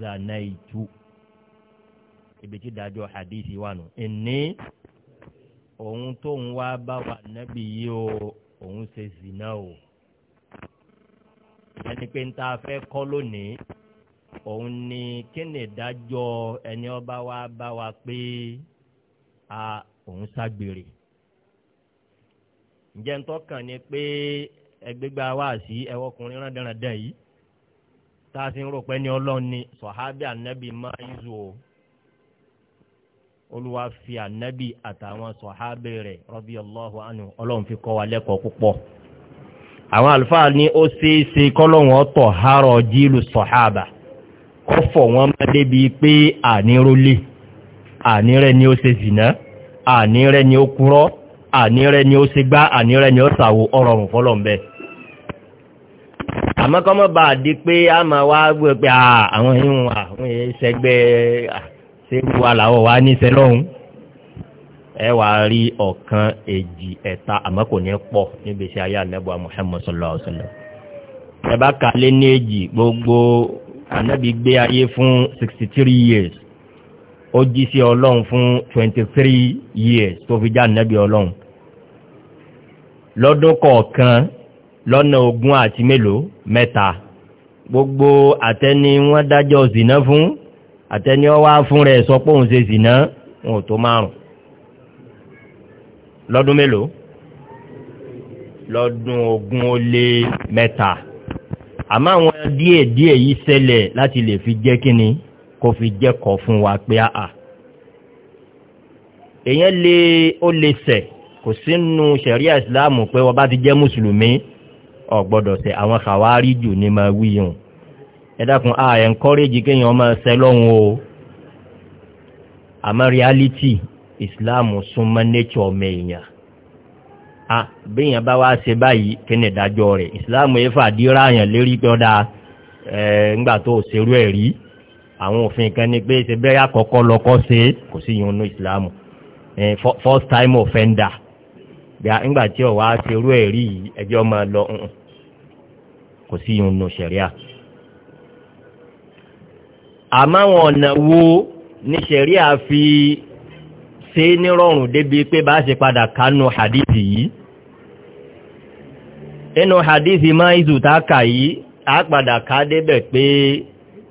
zanaitu ibi tí dájọ́ hadithi wà nù ìní òun tóun wá bá wà nábì yìí o òun ṣe zina o ẹni pé ń ta fẹ́ kọ́ lónìí òun ni kíni ìdájọ́ ẹni ọba wa bá wa pé a òun ságbèrè ǹjẹ́ ń tọ́kàn ni pé ẹgbẹ́gbẹ́ wa sí ẹwọ́kùnrin rán dáradára yìí tá ń rò pé ní ọlọ́run ni sọ̀hábì ànábì máa ń fi ànábì àtàwọn sọ̀hábì rẹ̀ radiyallahu anhu ọlọ́run fi kọ́ wa lẹ́kọ̀ọ́ púpọ̀ àwọn àlùfáà ní ó ṣeéṣe jílù sọ̀hábà má débi pé ànírólé ni ó ṣe zìnà ànírẹ́ ni ó kúrọ́ ànírẹ́ ni ó ṣe gbá ànírẹ́ ni ó ṣàwò ọ̀rọ̀ ọ̀rùn àmọ́ kọ́ mọ́ bá a di pé a máa wá gbé pé àwọn yìí wà àwọn yìí sẹ́gbẹ́ sẹ́rù wa làwọ̀ wá níṣẹ́ lọ́hùn ẹ wà rí ọ̀kan èjì ẹ̀ta àmọ́ kò ní pọ̀ níbi iṣẹ́ ayé ànábì Muhammad sallallahu alaihi wasallam ẹ bá ka lé ní èjì gbogbo ànábì gbé ayé fún sixty three years ó jí sí ọlọ́run fún twenty three years tó fi já ànábì ọlọ́run lọ́dún kọ̀ọ̀kan lọ́nà ogún àti mélòó mẹ́ta gbogbo àtẹni wọ́n dájọ́ zìnà fún àtẹni ọwá fún rẹ̀ sọ pé òun ṣe zìnà wọn ò tó márùn lọ́dún mélòó lọ́dún ogún ó lé mẹ́ta àmọ́ àwọn díẹ̀ díẹ̀ yìí ṣẹlẹ̀ láti lè fi jẹ́ kíni kó fi jẹ́ fún wa pé àà èèyàn lè ó lè ṣẹ̀ kò sínú ṣẹ̀ríà ìsìláàmù pé wọ́n bá ti jẹ́ mùsùlùmí ọ̀gbọ́dọ̀ ṣe àwọn jù ní ma ẹ̀dàkùn a àmọ́ reality islam súnmọ́ nature ọmọ èèyàn a bá wá ṣe báyìí kí rẹ̀ islam àyàn lérí tó ṣerú ẹ̀ àwọn òfin kan ni pé ṣe bẹ́ẹ̀ àkọ́kọ́ lọ́kọ́ ṣe kò sí yun islam first time offender ńgbà tí ọ̀ wá ṣerú ẹ̀ rí ẹjọ́ máa lọ kò sí ìyún nù sẹ̀ríà àmọ́ àwọn ọ̀nà wo ní sẹ̀ríà fi ṣe nírọ̀rùn débi pé bá ṣe padà kánú hadithi yìí nínú hadithi máa ìzù táàkà yìí a padà ká débẹ̀ pé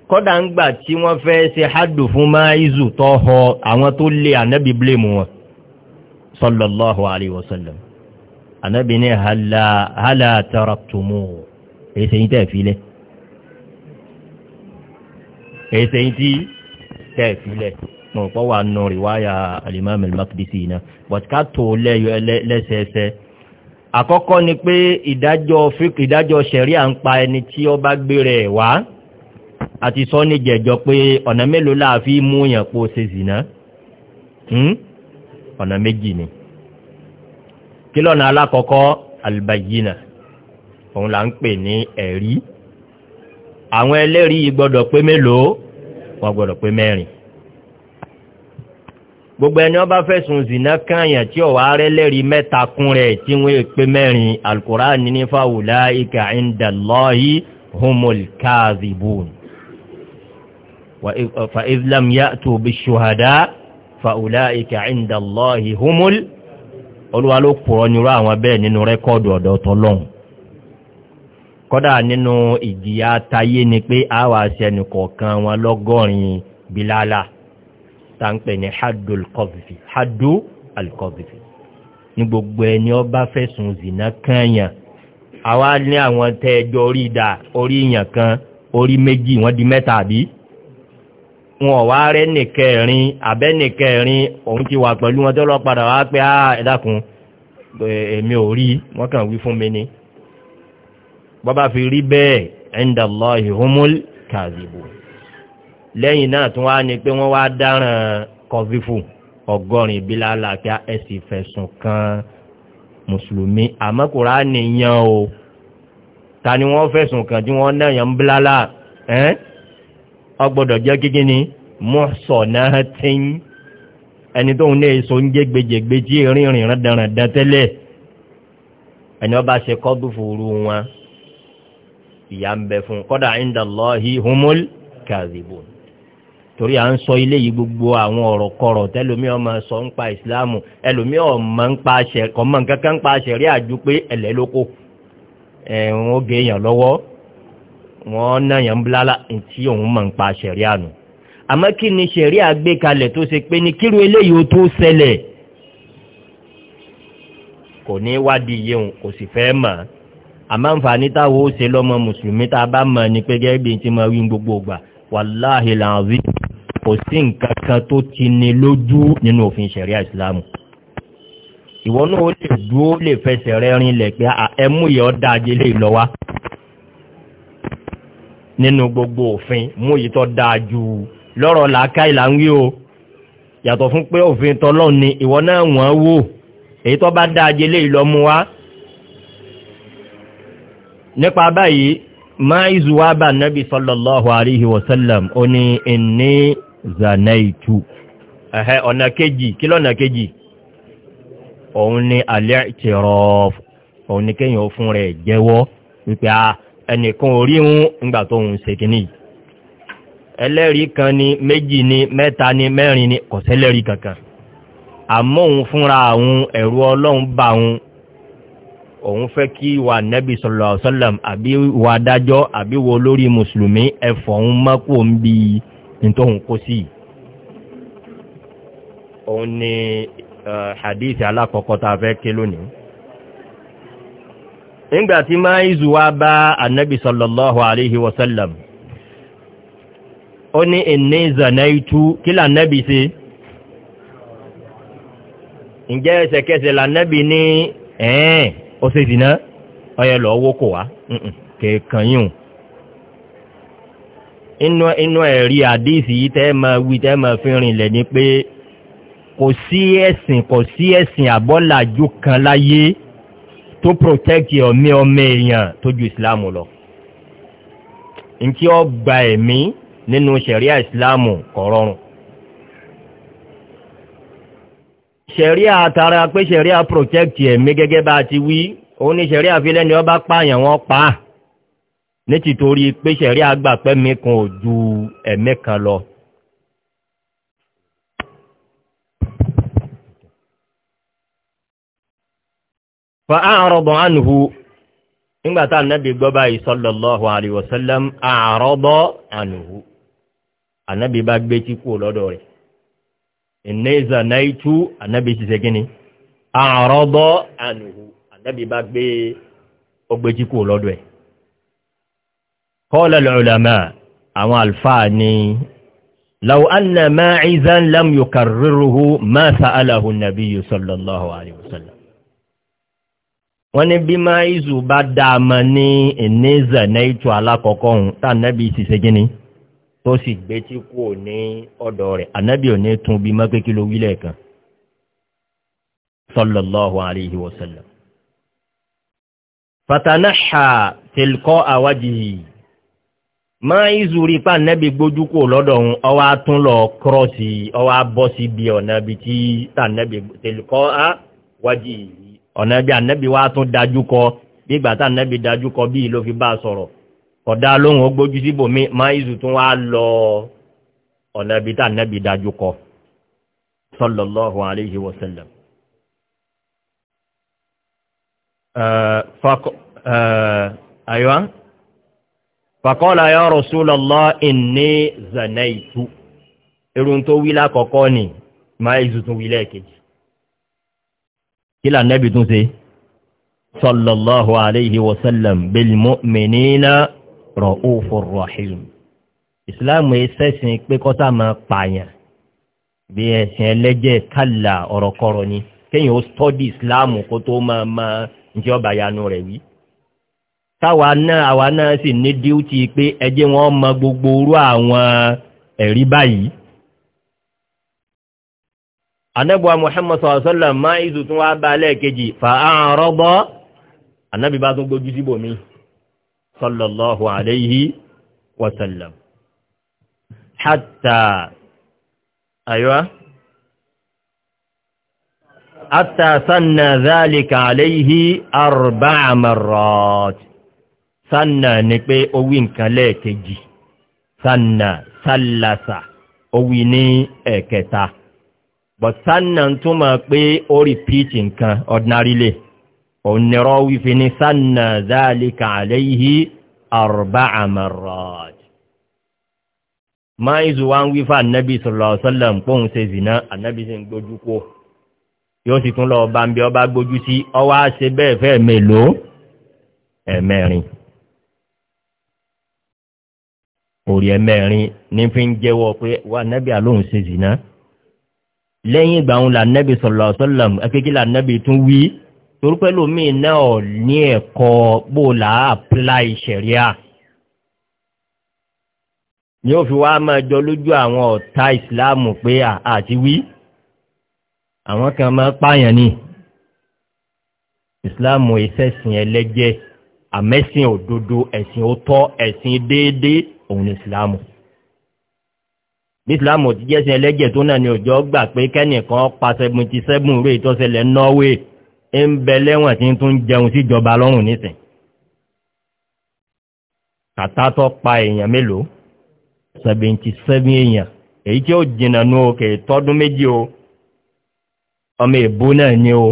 kọ́dà ń gbà tí wọ́n fẹ́ ṣe hádù fún máa ìzù tọ́ họ àwọn tó lé ànábì blame wọn sallallahu alaihi ànábì ní hàlà taraktumuhu èsè yín tẹ̀ fi lẹ̀ èsè yín tí tẹ̀ fi lẹ̀ mọ̀ pọ̀ wà nù rìwáyà alimami al-Maqdisi iná but ká tó lẹ́yọ lẹ́sẹẹsẹ àkọ́kọ́ ni pé ìdájọ́ fíkì ìdájọ́ ṣẹ̀ríà ń pa ẹni tí ó bá gbére ẹ̀ wá àti sọ ní jẹ̀jọ́ pé ọ̀nà mélòó la mú yàn pò ṣe zìnà hmm? ọ̀nà méjì ni kí alákọ̀ọ́kọ́ albayina òun là ń pè ní ẹ̀rí àwọn ẹlẹ́rìí gbọ́dọ̀ pé mélòó wọ́n gbọ́dọ̀ pé mẹ́rin gbogbo ẹni ọba fẹ̀sùn zìnà kànyàn tí ọwọ arẹ lẹrí mẹ́ta kún rẹ̀ tí wọ́n pé mẹ́rin alukóraani ní fáwùlá ìkà ìndàlọ́hì humul kaazibun fa islam ya tóbi ṣuhada fáwùlá ìkà ìndàlọ́hì humul olúwa ló kúrọ nírú àwọn bẹ́ẹ̀ nínú rẹ́kọ́ọ̀dù ọ̀dọ̀ tọ́lọ́hùn kọ́dà nínú ìjìyà tayé ni pé a wà sẹ́nu kọ̀ọ̀kan wọn lọ́gọ́rin bilala ta ń pè ní haddu al-qadhfi haddu al-qadhfi ní gbogbo ẹni ó bá fẹ̀sùn zìnà kányàn àwa ní àwọn tẹ́ẹjọ orí ìdá orí ìyàn kan orí méjì wọ́n di mẹ́ta àbí wọn wá rẹ́ nìkẹrin àbẹ́nìkẹrin òun ti wà pẹ̀lú wọn tó lọ padà wá pé á èmi ò rí wọ́n kàn wí fún mi ni bọ́bá fi rí bẹ́ẹ̀ indallahi humul kàzìbù lẹ́yìn náà tún wá ní pé wọ́n wá dáràn kọfífù ọgọ́rin ìbílá àlàáfíà ẹ̀sì fẹ̀sùn kan mùsùlùmí àmọ́ Kùránì yan o ta ni wọ́n fẹ̀sùn kan tí wọ́n náà yan bílálà ẹ́n ọgbọ́dọ̀ jẹ́ kíkí ni muhsanatin ẹni tó ń lé èso ń jẹ́ gbèjègbè tí rìnrìn rẹ̀ dẹ̀rẹ̀ tẹ́lẹ̀ ẹni ọba ṣe kọ́dù fòrú wọn ìyà ń bẹ fún kọ́dà inda Allahi humul kazibun torí à ń sọ ilé yìí gbogbo àwọn ọ̀rọ̀ kọ̀rọ̀ tẹ́lómi ọmọ sọ ń pa ìsìláàmù ẹlòmí ọmọ ń pa àṣẹ kọ̀mọ̀ kankan ń pa àṣẹ rí àjú pé ẹ̀lẹ́ lóko ẹ̀wọ̀n ó gé èèyàn lọ́wọ́ wọ́n náà yàn ń blála tí òun mọ̀ ń pa àṣẹ rí àná àmọ́ kí ni ṣẹ̀rí àgbékalẹ̀ tó ṣe pé ní kíru eléyìí ó tó ṣẹlẹ̀ kò ní wádìí yéhùn kò sì fẹ́ mọ̀ àmáǹfààní táwo ó ṣe lọ́mọ mùsùlùmí tá a bá mọ̀ ní pé gẹ́gẹ́ bí ti máa wí gbogbo ìgbà wàláhì làǹzí kò sí nǹkan kan tó ti ní lójú nínú òfin ṣẹ̀ríà ìsìlámù ìwọ náà ó lè dúró lè fẹsẹ̀ rẹ rinlẹ̀ pé ẹmú yìí ó dáa nínú gbogbo òfin mú tó dáa ju lọ́rọ̀ làákàyè là o yàtọ̀ fún pé òfin tọ́lọ́ ni ìwọ náà wọ́n wò èyí tó bá dáa jẹ lè wá nípa báyìí máa ìzùwá bá nábi sallallahu alayhi wasallam o ní inni zanaitu ẹ̀hẹ́ ọ̀nà kejì kí lọ́nà kejì òun ni al òun ni kéyàn fún rẹ̀ jẹ́wọ́ wípé a ah, ẹnìkan orí hun ńgbà tó hun kìíní ẹlẹ́rìí kan ni méjì ni mẹ́ta ni mẹ́rin ni kankan àmọ́ fúnra àwọn ẹ̀rù ọlọ́run bá òun fẹ́ kí wà nẹ́bí sọ̀rọ̀ ọ̀sọ́lẹ̀m àbí wà dájọ́ àbí wo lórí mùsùlùmí ẹ̀fọ̀ ń mọ́kò ń bi nítòhun kó sí òun ni hadith alákọ̀ọ́kọ́ ta fẹ́ ké lónìí nígbàtí máa ìzù wá bá annabi sallallahu alaihi wasallam ó ní ìní zanaitu kí lànàbì sí ǹjẹ́ ẹsẹ̀kẹsẹ̀ lànàbì ní ẹ̀ẹ́ ó ṣe ìdìná ọyẹ lọ owó kò wá kẹ̀ẹ̀kan yìí inú inú ẹ̀rí àdíìsì yìí tẹ́ máa wí tẹ́ máa fi rìnlẹ̀ ni pé kò sí ẹ̀sìn kò sí ẹ̀sìn àbọ́làjú kan láyé tó protect ọmọ ọmọ èèyàn tó ju islam lọ nkí ọ gba ẹ̀mí nínú sẹ̀ríà islam kò ṣẹ̀ríà àtàrà pé ṣẹ̀ríà protect ẹ̀mí gẹ́gẹ́ bá ti wí òun ni ṣẹ̀ríà fi lẹ́ni ọba pààyàn wọn pa á ní tìtorí pé ṣẹ̀ríà àgbà pẹ́mi kan ò ju ẹ̀mí kan lọ. fa àárọ̀bọ̀ ànùhù nígbà tá ànábì gbọ́ báyìí sallallahu àárọ̀bọ̀ ànùhù ànábì bá gbé tí kú lọ́dọ̀ rẹ̀ ìnẹ́zà náìtú ànábì ti ṣe gíní àrọ́bọ́ ànùhù ànábì bá gbé ọgbẹ́jì kú lọ́dọ̀ ẹ̀ kọ́lẹ̀ lọ́lọ́mà àwọn alfáà ni láwọ́ annà máa ìzán lam yóò kàrírùhù máa sa'alahu nàbí yóò sallallahu alaihi wasallam wọ́n ní bí máa ìzù bá dáa ma ní ìnẹ́zà náìtú alákọ̀ọ́kọ́ tó sì gbé tí kú ò ní ọ̀dọ̀ rẹ̀ ànábì ò ní tún bí mọ́ pé kí ló wí lẹ́ẹ̀kan sallallahu alayhi wa sallam. fatanaha tilkọ́ àwájìhì máa ń zuri pa ànábì gbójú kò lọ́dọ̀ òun ọwọ́ tún lọ kírọ́ọ̀sì ọwọ́ bọ́ sí bí ọ̀nà ibi tí tànábì tilkọ́ àwájìhì ọ̀nà ibi ànábì wa tún dájú kọ bí ìgbà tànábì dájú kọ bí ló fi bá a sọ̀rọ̀ ọ̀dá lóhùn ó gbójú síbòmí máìzù tún wá lọ ọ̀nà ibi tá nẹ́bi dájú kọ sallallahu alayhi wa sallam. Àyíwá, fàkọ́lá ya Rasulallah inni zanaitu, irun tó wí lákọ̀ọ́kọ́ ni, máìzù tún wí lẹ́ẹ̀kejì. Kí là nẹ́bi tún ṣe? Sallallahu alayhi wa sallam, bil mu'minina rọ rahim ìsìláàmù ẹsẹ̀sìn pé kọ́tà máa pààyàn bí ẹ̀sìn ẹlẹ́jẹ̀ kálà ọ̀rọ̀kọ̀rọ̀ ni kéèyàn ó stọ́dì ìsìláàmù kó tó máa ma ǹjẹ́ ọba yanu rẹ̀ wí. táwa náà àwa náà sì ní pé ẹjẹ́ wọn mọ gbogbo orú àwọn ẹ̀rí báyìí. anábùwà muhammad sallallahu alaihi máa fa tún gbójú sallallahu alayhi wa sallam hatta aywa hatta sanna dhalika alayhi arba'a marrat sanna ni pé ó wí nǹkan lẹ́ẹ̀kejì sanna sallasa ó wí ní ẹ̀kẹta but sanna ń túmọ̀ pé ó repeat nǹkan ordinarily onírọ́ wífi ní sanna zálika àléyìí arba'a marrat máìzù wá ń wí fún ànábì sallallahu alaihi wasallam pòun ṣe zìnà ànábì sì ń gbójú kó yóò sì tún lọ bá ń bí ọba gbójú sí ọwọ́ àṣẹ bẹ́ẹ̀ fẹ́ mélòó ẹ̀mẹ́rin orí ẹ̀mẹ́rin ní fi ń jẹ́wọ́ pé wà nẹ́bí àlóhùn ṣe zìnà lẹ́yìn ìgbà òun là nẹ́bí sallallahu akékèké là nẹ́bí tún wí torúpẹ́ lómi náà ò ní ẹ̀kọ́ bóòlà apply ṣẹ̀ríà ni ó fi wá máa jọ lójú àwọn ọ̀tá ìsìláàmù pé àti wí àwọn kan máa pààyàn ni ìsìláàmù ìṣẹ̀sìn ẹlẹ́jẹ̀ àmẹ́sìn òdodo ẹ̀sìn òótọ́ ẹ̀sìn déédéé òun ni ìsìláàmù ìsìláàmù ti jẹ́sìn ẹlẹ́jẹ̀ tó náà ni òjò gbà pé kẹ́nìkan pa ń bẹ lẹ́wọ̀n tí ń tún jẹun síjọba lọ́rùn nísìn kàtà tó pa èèyàn mélòó seventy seven èèyàn èyí tí ó jìnnà nú òkè tọdún méjì o ọmọ èbó náà ni o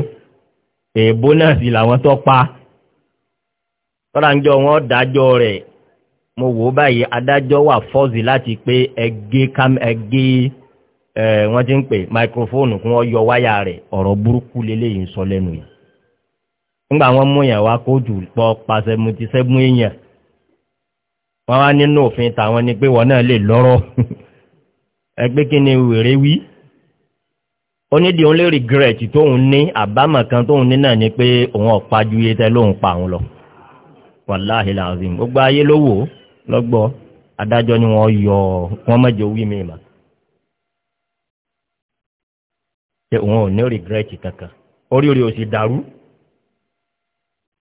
èbó náà sì làwọn tó pa tọ́lá ń jọ wọn dájọ́ rẹ̀ mo wò ó báyìí adájọ́ wà fọ́ọ̀sì láti pé ẹgé kam ẹgé ẹ wọ́n ti ń pè máikrófóònù kí wọ́n yọ wáyà rẹ̀ ọ̀rọ̀ burúkú lélẹ́yìn sọ lẹ́nu yìí nígbà wọn mú yàn wá kó jù pọ pàṣẹ mu ti sẹ́gun èèyàn wọn wá nínú òfin tàwọn ni pé wọn náà lè lọ́rọ̀ ẹgbẹ́ kí ni wèrè wí ó ní di òun lè regret tóun ní àbámọ̀ kan tóun ní náà ni pé òun ọ̀pá ju iye tẹ lóun pa òun lọ wàláhì làzim gbogbo ayé ló wò ó lọ́gbọ́ ni wọ́n yọ wọ́n mọ́jọ wí mi mà ṣé òun ò ní regret kankan orí orí ò sì dàrú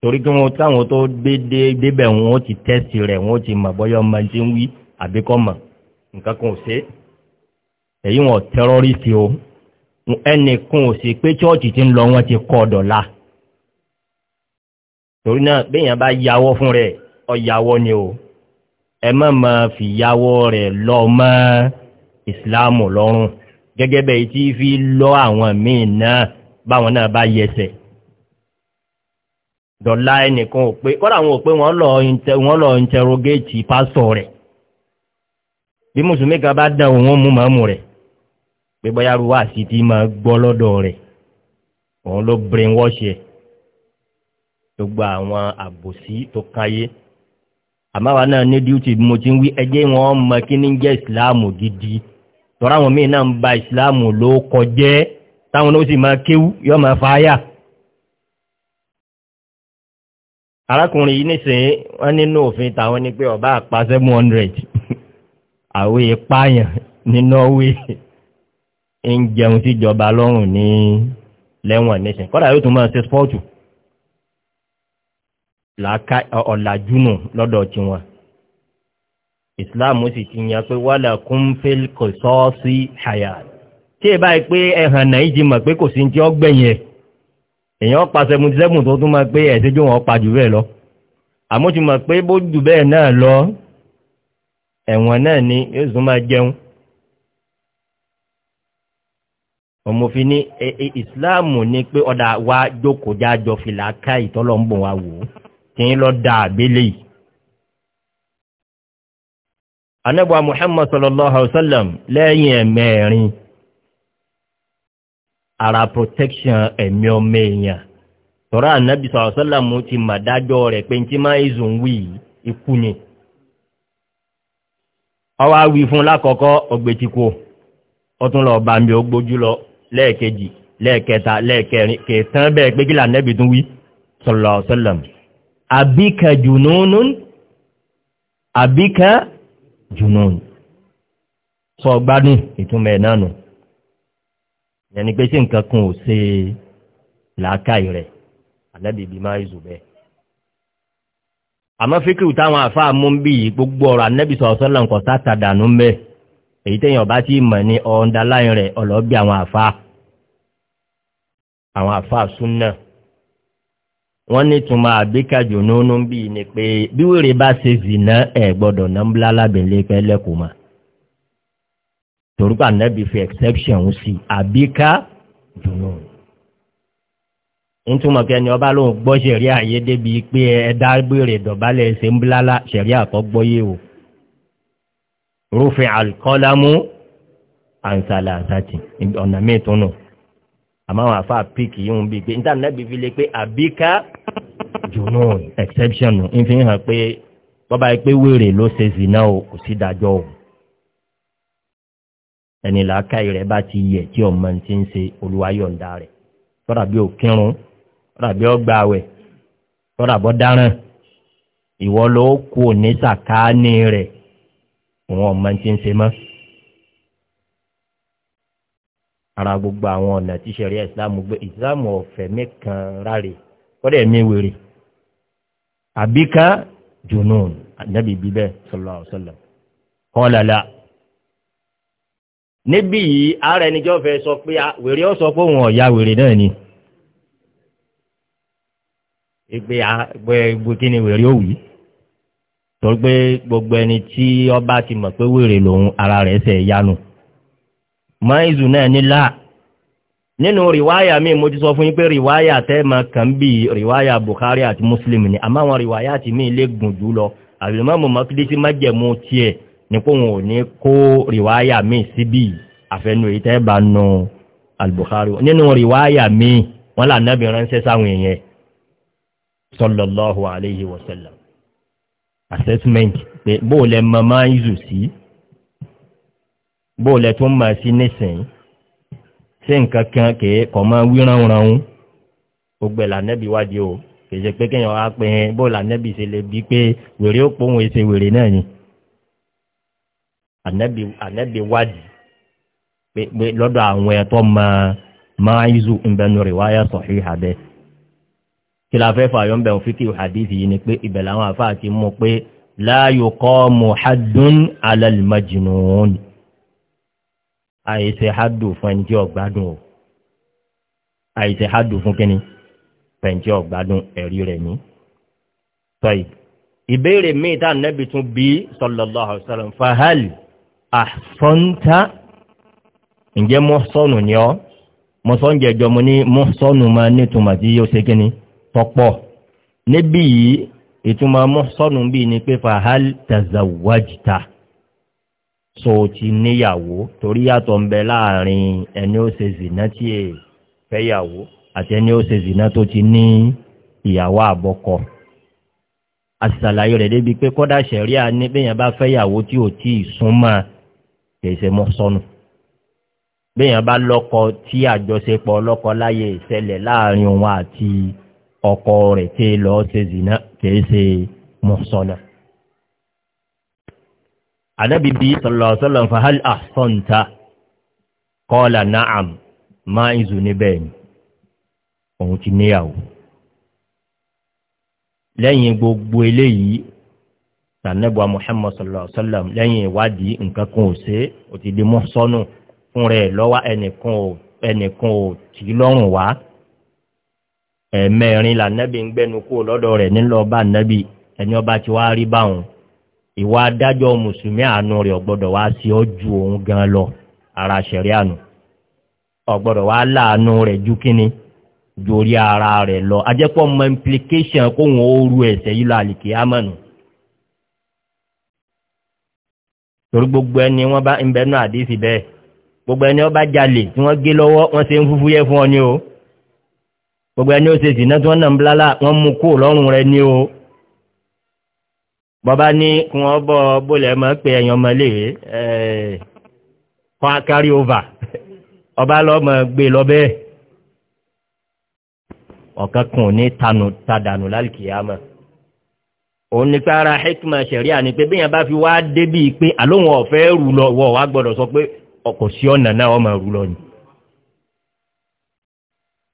torí kí wọn táwọn tó dédé débẹ̀ wọn ti tẹ́sì rẹ̀ wọn ti mọ̀ bọ́yọ́ ọmọ tí ń wí àbíkọ́ nǹkan kan ò ṣe èyí wọn tẹ́rọ́rìsì o ẹnìkan ò sì pé chọ́ọ̀chì ti ń lọ wọn ti kọ́ ọ̀dọ̀ la torí náà béèyàn bá yàwọ́ fún rẹ̀ ọ yàwọ́ ni o ẹ má ma fi yàwọ́ rẹ̀ lọ mọ́ ìsìláàmù lọ́rùn gẹ́gẹ́ bẹ́ẹ̀ tí fi lọ àwọn míì náà báwọn náà bá yẹsẹ̀ dọ̀la ẹnìkan ò pé kọ́dà àwọn ò pé wọ́n lọ interrogate pásítọ̀ rẹ̀ bí mùsùlùmí kan bá dán òun mú màmú rẹ̀ pé bóyá ruwá sí ti máa gbọ́ lọ́dọ̀ rẹ̀ òun ló brainwash ẹ̀ gbogbo àwọn àbòsí tó káyé àmáwa náà ní duty mo ti ń wí ẹjẹ́ wọn mọ kí ní jẹ́ ìsìláàmù gidi tọ́ra àwọn míì náà ń ba ìsìláàmù ló kọjẹ́ táwọn ó sì máa kéwú yóò máa fa áyà. arákùnrin yìí nísìnyí wọ́n nínú òfin tàwọn ni pé ọba àpá seven hundred àwọn ìpààyàn ní norway ń jẹun síjọba lọ́rùn ní lẹ́wọ̀n nísìnyí kọ́dà yóò tún máa ṣe spọ́ọ̀tù ọ̀làjúnù lọ́dọ̀ tiwọn islam sì ti yan pé wàlà kúńfẹ́lì kò sọ́ọ́ sí hayat tí ì báyìí pé ẹ̀hàn náà yìí ti mọ̀ pé kò sí ní tí ó ẹ̀ èèyàn pa seventy seven tó tún máa pé ẹ̀ẹ́dẹ́jọ́ wọn pa jù bẹ́ẹ̀ lọ àmọ́ ti mọ̀ pé bó jù bẹ́ẹ̀ náà lọ ẹ̀wọ̀n náà ni yóò tún máa jẹun. ọmọfin ní e, e, ìsìláàmù ni pé ọ̀dà wa jókòó jájọ fìlà ká ìtọ́lọ̀ ń bọ̀ wá wò ó kí n lọ da àbélé yìí. anábọ̀ muhammad sallallahu alayhi wa sallam lẹ́yìn ẹ̀mẹ́rin ara protection ẹ̀mí ọmọ èèyàn tọ́ra ànábì sọ̀rọ̀ sọ́là mo ti mà dájọ́ rẹ̀ pé ntí máa ń zùn wí ikú ni. ọwọ́ awi fún lákọ̀ọ́kọ́ ọgbẹ́tìkó ó tún lọ́ọ́ bá mi ó gbójú lọ lẹ́ẹ̀kejì lẹ́ẹ̀kẹta lẹ́ẹ̀kẹrin kẹtàn bẹ́ẹ̀ pé kí là ànábì tún wí sọ̀rọ̀ sọ́là mi. jùnúnú àbíkà jùnúnú sọ gbádùn ìtumọ̀ ẹ̀ náà nù yẹnni pé ṣé nǹkan kan ò ṣe làákàyè rẹ̀ ànábì bíi máa zù bẹ́ẹ̀. àmọ́ fíkìrù táwọn àfáà mú bí yìí gbogbo ọ̀rọ̀ ànábì sọ̀rọ̀ sọ́lá nǹkan sáta dànù mbẹ́ èyí téèyàn bá ti mọ̀ ní ọ̀ǹda láyìn rẹ̀ ọ̀lọ́bí àwọn àfáà àwọn àfáà súnà wọ́n ní túnmọ̀ àbíkàjò nínú bí ni pé bí wèrè bá ṣe zìnà ẹ̀ gbọ́dọ̀ náà ń bla lábẹ́lẹ́ pẹ́lẹ́kùmá torúkọ ànábì fi exception sí abika dùnú. nítumọ̀ kí ẹni ọba lóun gbọ́ sẹ̀rí àyè débi pé ẹ̀dá gbére dọ̀bálẹ̀ ṣe ń bílálá sẹ̀rí àkọ́gbọ́yé o. rúfin àkọ́lámú àǹsàlà àtàtì ọ̀nà míì tún nù. àmọ́ àwọn àfa píkì yìí ń bí pé níta ànábì fi lè pé àbíká dùnú exception nù. ń fi hàn pé bọ́ba yìí pé wèrè ló ṣe zìnnà o kò sí dájọ́ o ẹni làákàyè rẹ̀ bá ti yẹ tí ọmọ ti ń ṣe olúwa yọ̀ǹda rẹ̀ tọ́ra bí òkírun tọ́ra bí ọgbàwẹ̀ tọ́ra bọ́ dáràn ìwọ ló kú òní sàkáání rẹ̀ òun ọmọ ti ń ṣe mọ́. ara gbogbo àwọn ọ̀nà tí sẹ̀rí ìsìlámù gbé ìsìlámù ọ̀fẹ́ mẹ́kan ráre kọ́dẹ̀ mi wèrè àbíká junun ànábì bíbẹ́ sọlọ́ọ̀ sọlọ́ kọ́ níbí yìí ara ẹnìjọ́ fẹ́ sọ pé wèrè ó sọ fóun ọ̀ya wèrè náà ni ìgbé àgbẹ̀ kí ni wèrè ó wì í torí pé gbogbo ẹni tí ọba ti mọ̀ pé wèrè lòun ara rẹ̀ ṣe yanu mọ́ìzù náà ní láà nínú rìwáyà mi mo ti sọ fún yín pé rìwáyà tẹ́ẹ̀mà kan bí rìwáyà bukhari àti muslim ni àmọ́ àwọn rìwáyà ti mí lè gùn jù lọ àbí mọ́mọ́ mọ́kídé sí májẹ̀mú tiẹ̀ ní pé òun ò ní kó rìwáyà míì síbí àfẹnú èyí tẹ́ bá nu al-Bukhari nínú rìwáyà míì wọ́n là nábì ránṣẹ́ sáwọn èèyàn sallallahu alayhi wa sallam assessment pé bóòlẹ̀ mọ̀mọ́ ìzù sí bóòlẹ̀ tó mọ̀ sí nísìnyí ṣé nǹkan kan kèé kọ̀ mọ́ wíranranun gbogbo ẹ̀ lànẹ́bí wádìí o kèsè pé kéèyàn wá pé bóòlẹ̀ ànẹ́bí ṣe lè bí pé wèrè ó pòun èsè wèrè náà ni ànẹ́bí wádìí pé lọ́dọ̀ àwọn ẹ̀tọ́ máa ń zu ìbẹnu rẹ̀ wáyà sọ̀hí àbẹ́ kí la fẹ́ fààyàn bẹ̀rù fíkì hadith yìí ni pé ibẹ̀ làwọn àfáà ti mú pé láàyò kọ́ muhadun alalmajinun àìsè hadu fún ẹni tí ọ̀gbádùn o àìsè hadu fún kíni pẹ̀ntì ọ̀gbádùn ẹ̀rí rẹ̀ ní. sọ ìbéèrè míì tá ànẹ́bí tún bí sọlọ́lá ọ̀sán fahali àsọ́ńtà ǹjẹ́ mọ́sọ́nù ni ọ́ mọ́sọ́njẹ́ ìjọ mo ní mọ́sọ́nù máa nítumọ̀ tí yóò ṣe kíni tọ́pọ̀ níbí yìí ìtumọ̀ mọ́sọ́nù bíi ni pé hal tazawajta so ti níyàwó torí yàtọ̀ ń bẹ láàrin ẹni ó ṣe zìnà tí è fẹ́yàwó àti ẹni ó ṣe zìnà tó ti ní ìyàwó àbọ̀kọ àṣàlàyé rẹ̀ débi pé kọ́dà ṣẹ̀ríà ní bẹ́yàn bá fẹ́yàwó tí ò tí ì súnmọ́ kì í ṣe mọ́ sọnù béèyàn bá lọ́kọ tí àjọṣepọ̀ ọlọ́kọ láyè ìṣẹ̀lẹ̀ láàrin òun àti ọkọ rẹ̀ tí lọ́ọ́ ṣe zìnà kì í ṣe mọ́ sọnù anabi bi sallallahu alaihi wasallam fa hal ahsanta qala na'am ma izu ni ben ohun níyàwó lẹ́yìn gbogbo eléyìí sànẹ́bùa muhammed sallallahu alayhi wa sallam lẹ́yìn ìwádìí nǹkan kan ò ṣe é ó ti di mọ́ sọ́nù fún rẹ̀ lọ́wọ́ ẹnìkan ò ẹnìkan ò tì í lọ́rùn wá. ẹ̀ẹ̀mẹrin lànẹ́bí ń gbẹ́nu kó lọ́dọ̀ rẹ̀ nílò ọba ànẹ́bí ẹni ọba ti wá rí báwọn. ìwà adájọ́ mùsùlùmí àánú rẹ̀ ọ̀gbọ́dọ̀ wá sí ọ ju òun gan lọ ara ṣẹ̀rí àánú. ọ̀gbọ́dọ̀ wá láàánú rẹ̀ ju kíni ju orí ara rẹ̀ lọ. ajẹ́pọ̀ mọ implication kóhun ó rú ẹ̀sẹ̀ yìí lọ àlìkè ámọ̀nù torí gbogbo ẹni wọ́n bá ń bẹnu àdísì bẹ́ẹ̀ gbogbo ẹni wọ́n bá jalè tí wọ́n gé lọ́wọ́ wọ́n ṣe ń fúfú yẹ fún ọ ní o gbogbo ẹni ó ṣe sì náà tí wọ́n nà ń blálà wọ́n mú kó lọ́rùn rẹ ní o bọ́bá ní kí wọ́n bọ́ bólẹ̀ mọ́ pé ẹ̀yàn mọ́lẹ̀ ẹ̀ carry over ọba lọ́mọ gbé lọ bẹ́ẹ̀ ọ̀kan kan ní tanù tadànù lálùkìyàmọ́ òun ni pé ara hikma ṣẹ̀ríà ni pé bí yẹn bá fi wá débi pé àlóhùn ọ̀fẹ́ rù lọ wọ́ wá gbọ́dọ̀ sọ pé ọkọ̀ sí ọ̀nà náà ọmọ rù lọ ni.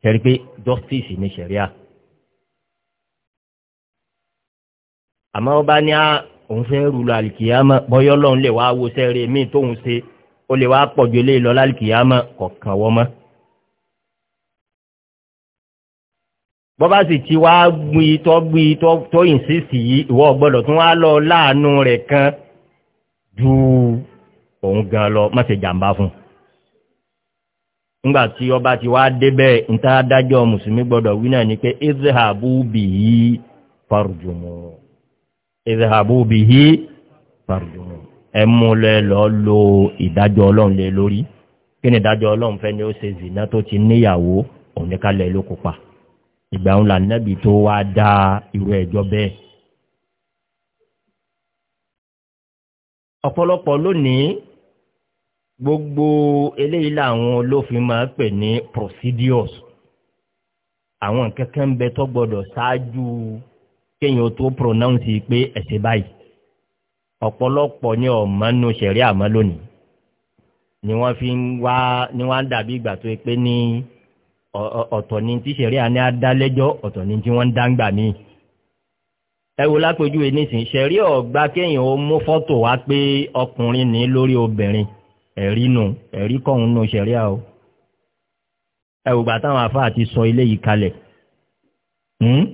ṣẹ̀rí pé justice ni ṣẹ̀ríà. àmọ́ ó bá ní ah, òun fẹ́ rù lọ àlìkìyàmọ́ bọ́yọ́ lọ́hùn lè wá wo sẹ́rẹ̀ míì tóun ṣe ó lè wá pọ̀jù eléyìí lọ lálìkìyàmọ́ kọ̀ọ̀kan wọ́n mọ́. bọ́ bá sì ti wá gbin tọ́ gbin tó ìnsìsì yìí ìwọ gbọ́dọ̀ tún wá lọ láàánú rẹ̀ kan ju òun gan lọ má ṣe jàǹbá fún nígbà tí ọba ti wá débẹ̀ níta mùsùlùmí gbọ́dọ̀ wí náà ni pé ezhabu bihi farjumu ezhabu bihi farjumu ẹ mú lẹ lọ lo ìdájọ́ ọlọ́run lé lórí kí ni ìdájọ́ ọlọ́run fẹ́ ni ó ṣe zìnà tó ti níyàwó òun ní ká lẹ ló kópa ìgbà òun lànàbì tó wá dá irú ẹjọ́ bẹ́ẹ̀. ọ̀pọ̀lọpọ̀ lónìí gbogbo eléyìí làwọn olófin máa pè ní procedures àwọn nǹkan kan bẹ tó gbọdọ̀ ṣáájú kéèyàn tó pronounce pé ẹ̀sẹ̀ báyìí ọ̀pọ̀lọpọ̀ ni ọ̀mọ́nu ṣẹ̀rí àmọ́ lónìí ni wọ́n fi ń wá ni wọ́n á dàbí ìgbà tó yẹ pé ní. Ni ọ̀tọ̀ ni tí sẹ̀rí àní adálẹ́jọ́ ọ̀tọ̀ ni tí wọ́n ń dáńgbà mí. ẹ wo lápèjúwe nísìnyí sẹ̀rí ọ̀gbá kéèyàn ó mú fọ́tò wá pé ọkùnrin ní lórí obìnrin ẹ̀rí nù ẹ̀rí kọ̀hún nù sẹ̀rí àwọ̀. ẹ wò gbà táwọn afá àti sọ ilé yìí kalẹ̀ hmm?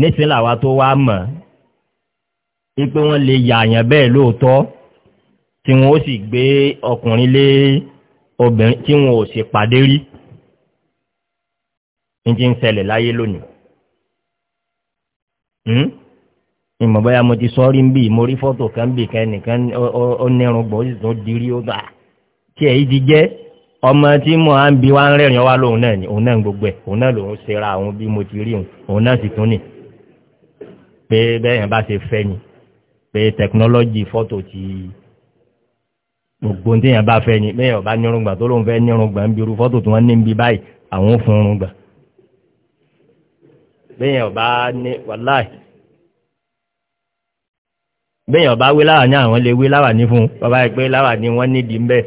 nísìnyí làwa tó wá mọ̀ wípé wọ́n lè yààyàn bẹ́ẹ̀ lóòótọ́ tí wọ́n ó sì gbé ọkùnrin lé obìnrin tí wọ́n ò sì pàdé rí ní ti ń ṣẹlẹ̀ láyé lónìí. ìmọ̀ hmm? bóyá mo ti sọ́ọ́rí ń bì mo rí fọ́tò kan bì kan nìkan ó nírun gbọ́ ó sì tún dirí ó gbà kí èyí ti jẹ́ ọmọ tí mo à ń bi wá ń rẹ̀rìn wá lóhun náà ni òun náà gbogbo ẹ̀ òun náà lòun ṣe ra òun bí mo ti rí òun òun náà sì tún nì pé bẹ́ẹ̀ yẹn bá ṣe fẹ́ ni pé tẹkinọ́lọ́jì fọ́tò ti gbogbo ní yẹn bá fẹ́ ni bẹ́ẹ̀ yẹn bá nírun gbà tó lóun fẹ́ nírun gbà ń bi irú fọ́tò tí wọ́n ní ń bi báyìí àwọn ò fún irun gbà bẹ́yẹn ọba ní wàláì bẹ́yẹn ọba wé láwà ní àwọn lè wé láwà ní fún bàbá yìí pé láwà ní wọ́n nídìí ń bẹ̀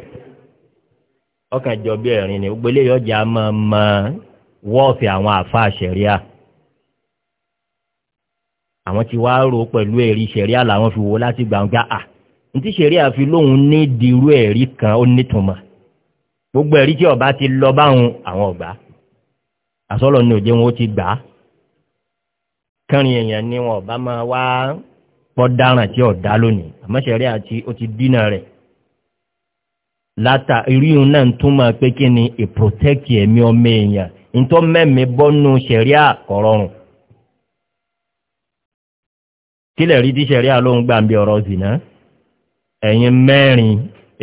ọkàn jọ bí ẹ̀rín ni gbogbo eléyìí ọjà máa mọ wọ́ọ̀fì àwọn àfa àṣẹríà àwọn ti wá rò pẹ̀lú ẹ̀rí ṣẹríà làwọn fi wo láti gbàǹgbà à ntí ṣẹríà fi lóhun ní dirú ẹ̀rí kan ó nítumọ̀ gbogbo ẹ̀rí tí ọba ti lọ báwọn àwọn ọ̀gbà àsọlọ ní òjé wọn ó ti gbà á kẹrin èèyàn ni wọn ọba máa wá pọ́ dáràn tí ọ̀dá lónìí àmọ́ṣẹ̀rí àti ó ti dínà rẹ̀ látà irú náà túmọ̀ pé kí ni ìprotẹ́kì ẹ̀mí ọmọ èèyàn ntọ́ mẹ́mí bọ́nú ṣẹ̀ríà kọ̀rọ̀rùn kílẹ̀ rí tí ṣẹ̀ríà ló ń gbàǹbí ọ̀rọ̀ zìnà ẹ̀yin mẹ́rin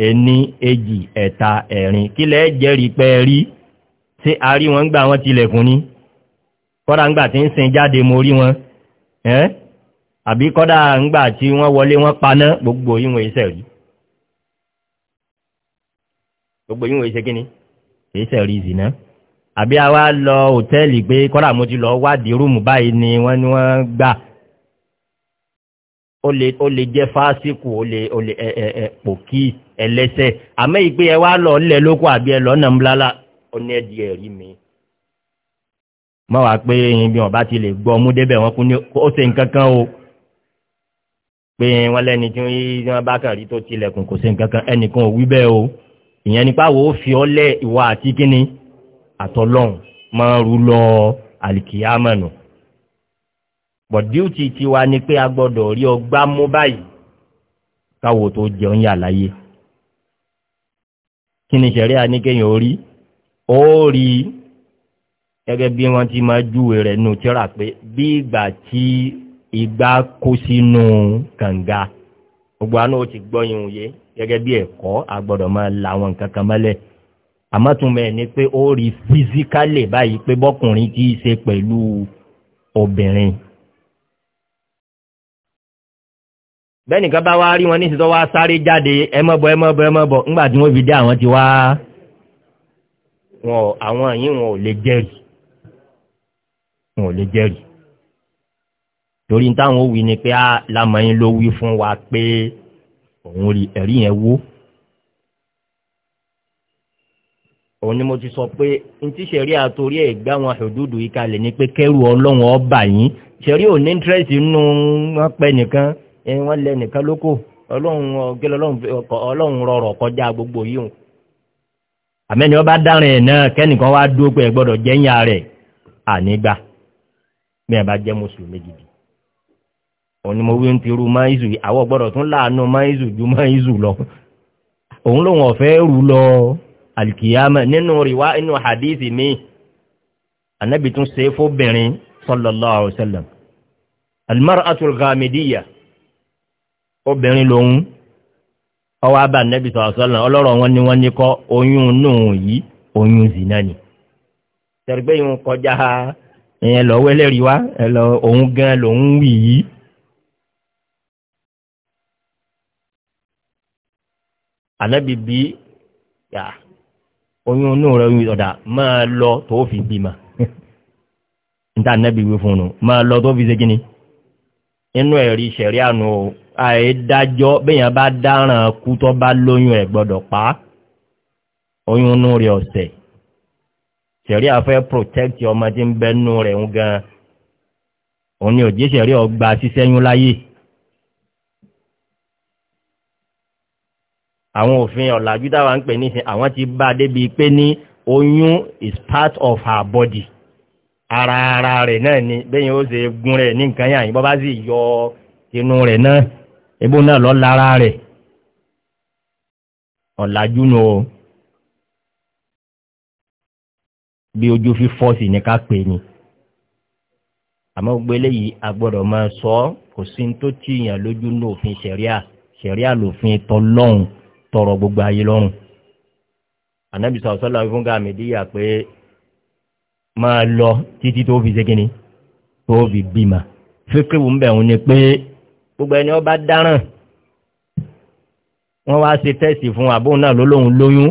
ẹni èjì ẹ̀ta ẹ̀rin kílẹ̀ jẹ́rìí pé rí ṣé a rí wọn gbà wọn tilẹ̀kùn ni kọ́dà ńgbà tí ń sin jáde mo rí wọn ẹ́ àbí kọ́dà ńgbà tí wọ́n wọlé wọ́n paná gbogbo ìwọ̀n iṣẹ́ rí gbogbo ìwọ̀n iṣẹ́ kíni iṣẹ́ rí ìsìná àbí a wá lọ hòtẹ́ẹ̀lì pé kọ́dà mo ti lọ wádìí rúùmù báyìí ni wọ́n ni wọ́n gbà ó lè ó lè jẹ́ fásikù ó lè ó lè ẹ ẹ ẹ pòkí ẹlẹ́sẹ̀ àmọ́ ìpè ẹ wá lọ lẹ lóko àbí ẹ lọ́nà ńlá ó ní ẹ di ẹ̀rí mi mọ́ wá pé ẹyin bí wọn bá ti lè gbọ́ ọmú débẹ̀ wọn kú ní ó ṣe nǹkan kan o pé wọn lẹ́ni tí wọ́n bá kàn rí tó tilẹ̀kùn kò ṣe nǹkan kan ẹnìkan ò wí bẹ́ẹ̀ o ìyẹn nípa wo fi ọ́ ìwà àti kíni àtọ́lọ́hùn máa rú lọ àlìkìyámà nù bọ̀díùtì tiwa ni pé a gbọ́dọ̀ rí ọgbà mú báyìí káwo tó jẹun yà láyé kí ni ṣẹ̀rí àníkéyàn ó rí ó rí gẹ́gẹ́ bí wọ́n ti máa júwe rẹ̀ nù tíra pé bí ìgbà tí ìgbà kó sínú kànga gbogbo àná ó ti gbọ́yìn òye gẹ́gẹ́ bí ẹ̀kọ́ agbọ́dọ̀ máa la àwọn nǹkan kan mọ́lẹ̀ ni pé ó rí físíkálì báyìí pé bọ́kùnrin kì í ṣe pẹ̀lú obìnrin. bẹ́ẹ̀ nìkan bá wá rí wọn wá sáré jáde tí wọ́n fi dé àwọn ti wọn ò lè jẹ́rìí torí táwọn wí ni pé lámọ̀yìn ló wí fún wa pé òun rí ẹ̀rí yẹn wó òun ni mo ti sọ pé ntí sẹ̀rí àtòrí ẹ̀ gbá wọn àdúdú yìí kalẹ̀ ni pé kẹ́rù ọlọ́run ọba yín sẹ̀rí ò ní interest nínú wọn pẹ́ nìkan wọn lẹ nìkan lóko ọlọ́run ọ̀gẹ́lẹ́ ọlọ́run rọrọ̀ kọjá gbogbo yìí o àmẹ́ni ọba dárin ẹ̀ náà kẹ́nìkan wá dúró pé ẹ gbọ́dọ̀ jẹ́yìn ara rẹ̀ ànígbà bí ẹ bá jẹ́ mùsùlùmí gidi òun ni mo wí ń ti ru máìzù àwọ̀ gbọ́dọ̀ tún láàánú máìzù ju máìzù lọ òun lòun ọ̀fẹ́ rú lọ alìkìyàmẹ́ nínú ríwá inú hadithi mi anábì tún ṣe fóbìnrin sallallahu alaihi wasallam almar atul ghamidiyya obìnrin lòun ọwọ́ abá anábì sallallahu alaihi wasallam wọn ni wọ́n ní kọ́ oyún nù yìí oyún zina ni tẹ̀rẹ̀gbẹ́ yìí ìyẹn lọ wẹ́lẹ́rìí wá ẹ̀lọ òun gan lòun wì yí ànábì bí yà oyún inú rẹ̀ wí ọ̀dà máa lọ tó fi bímọ níta ànábì wí fún un máa lọ tó fi ṣe kíni inú ẹ̀rí ṣẹ̀rí àánú o àìdájọ́ bẹ́yàn bá dáràn kú tó bá lóyún ẹ̀ gbọ́dọ̀ pa oyún inú rẹ̀ ọ̀sẹ̀ sẹ̀rí àfẹ́ protect ọmọdé ń bẹ́nu rẹ̀ ń gan òun ni òjì sẹ̀rí ọgbà sísẹ́yún láyé. àwọn òfin ọ̀làjú dáwà ń pè nísìn àwọn ti bá débi pé ní oyún is part of her body ara ara rẹ̀ náà ni bẹ́yìn ó ṣe gun rẹ̀ ní nǹkan yàn bọ́ bá sì yọ inú rẹ̀ náà ebó náà lọ lára rẹ̀ ọ̀làjú nù o. No. bí ojú fi fọ́ọ̀sì ní ká pè ní àmọ́ gbogbo eléyìí a gbọ́dọ̀ máa sọ ọ́ kò sí ní tó tí ìyàn lójú ní òfin ṣẹ̀ríà ṣẹ̀ríà lòfin tọ́ lọ́hùn tọrọ gbogbo ayé lọ́rùn ànábì sọ̀rọ̀ sọ́lá fún gàmídíyà pé máa lọ títí tó fi ṣe kínní tó fi bímà fíkìrìwù ń bẹ̀ wọ́n ni pé gbogbo ẹni ọba dáràn wọ́n wá ṣe tẹ́sì fún àbóhùn náà lólóhùn lóyún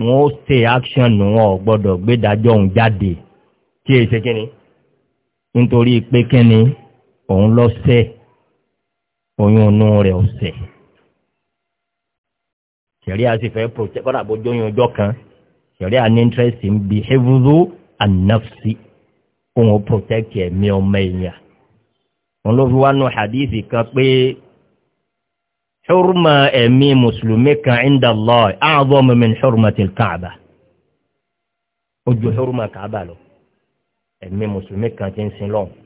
wọn ó ṣe action wọn ò gbọ́dọ̀ gbédájọ́ òun jáde tí èyí ṣe kíni nítorí pé kíni òun lọ sẹ́ oyún inú rẹ̀ ọ̀sẹ̀ sẹ̀rí a sì fẹ́ protect kọ́dà bójú oyún ọjọ́ kan sẹ̀rí a ní interest ń bi and nafsi kóun protect ẹ̀mí ọmọ èèyàn wọn ló fi wá nù hadith kan pé hurma ẹ̀mí mùsùlùmí kan inda Allah a'zamu min hurmatil Ka'bah ó ju hurma Ka'bah lọ ẹ̀mí mùsùlùmí kan ti ń sin lọ́hùn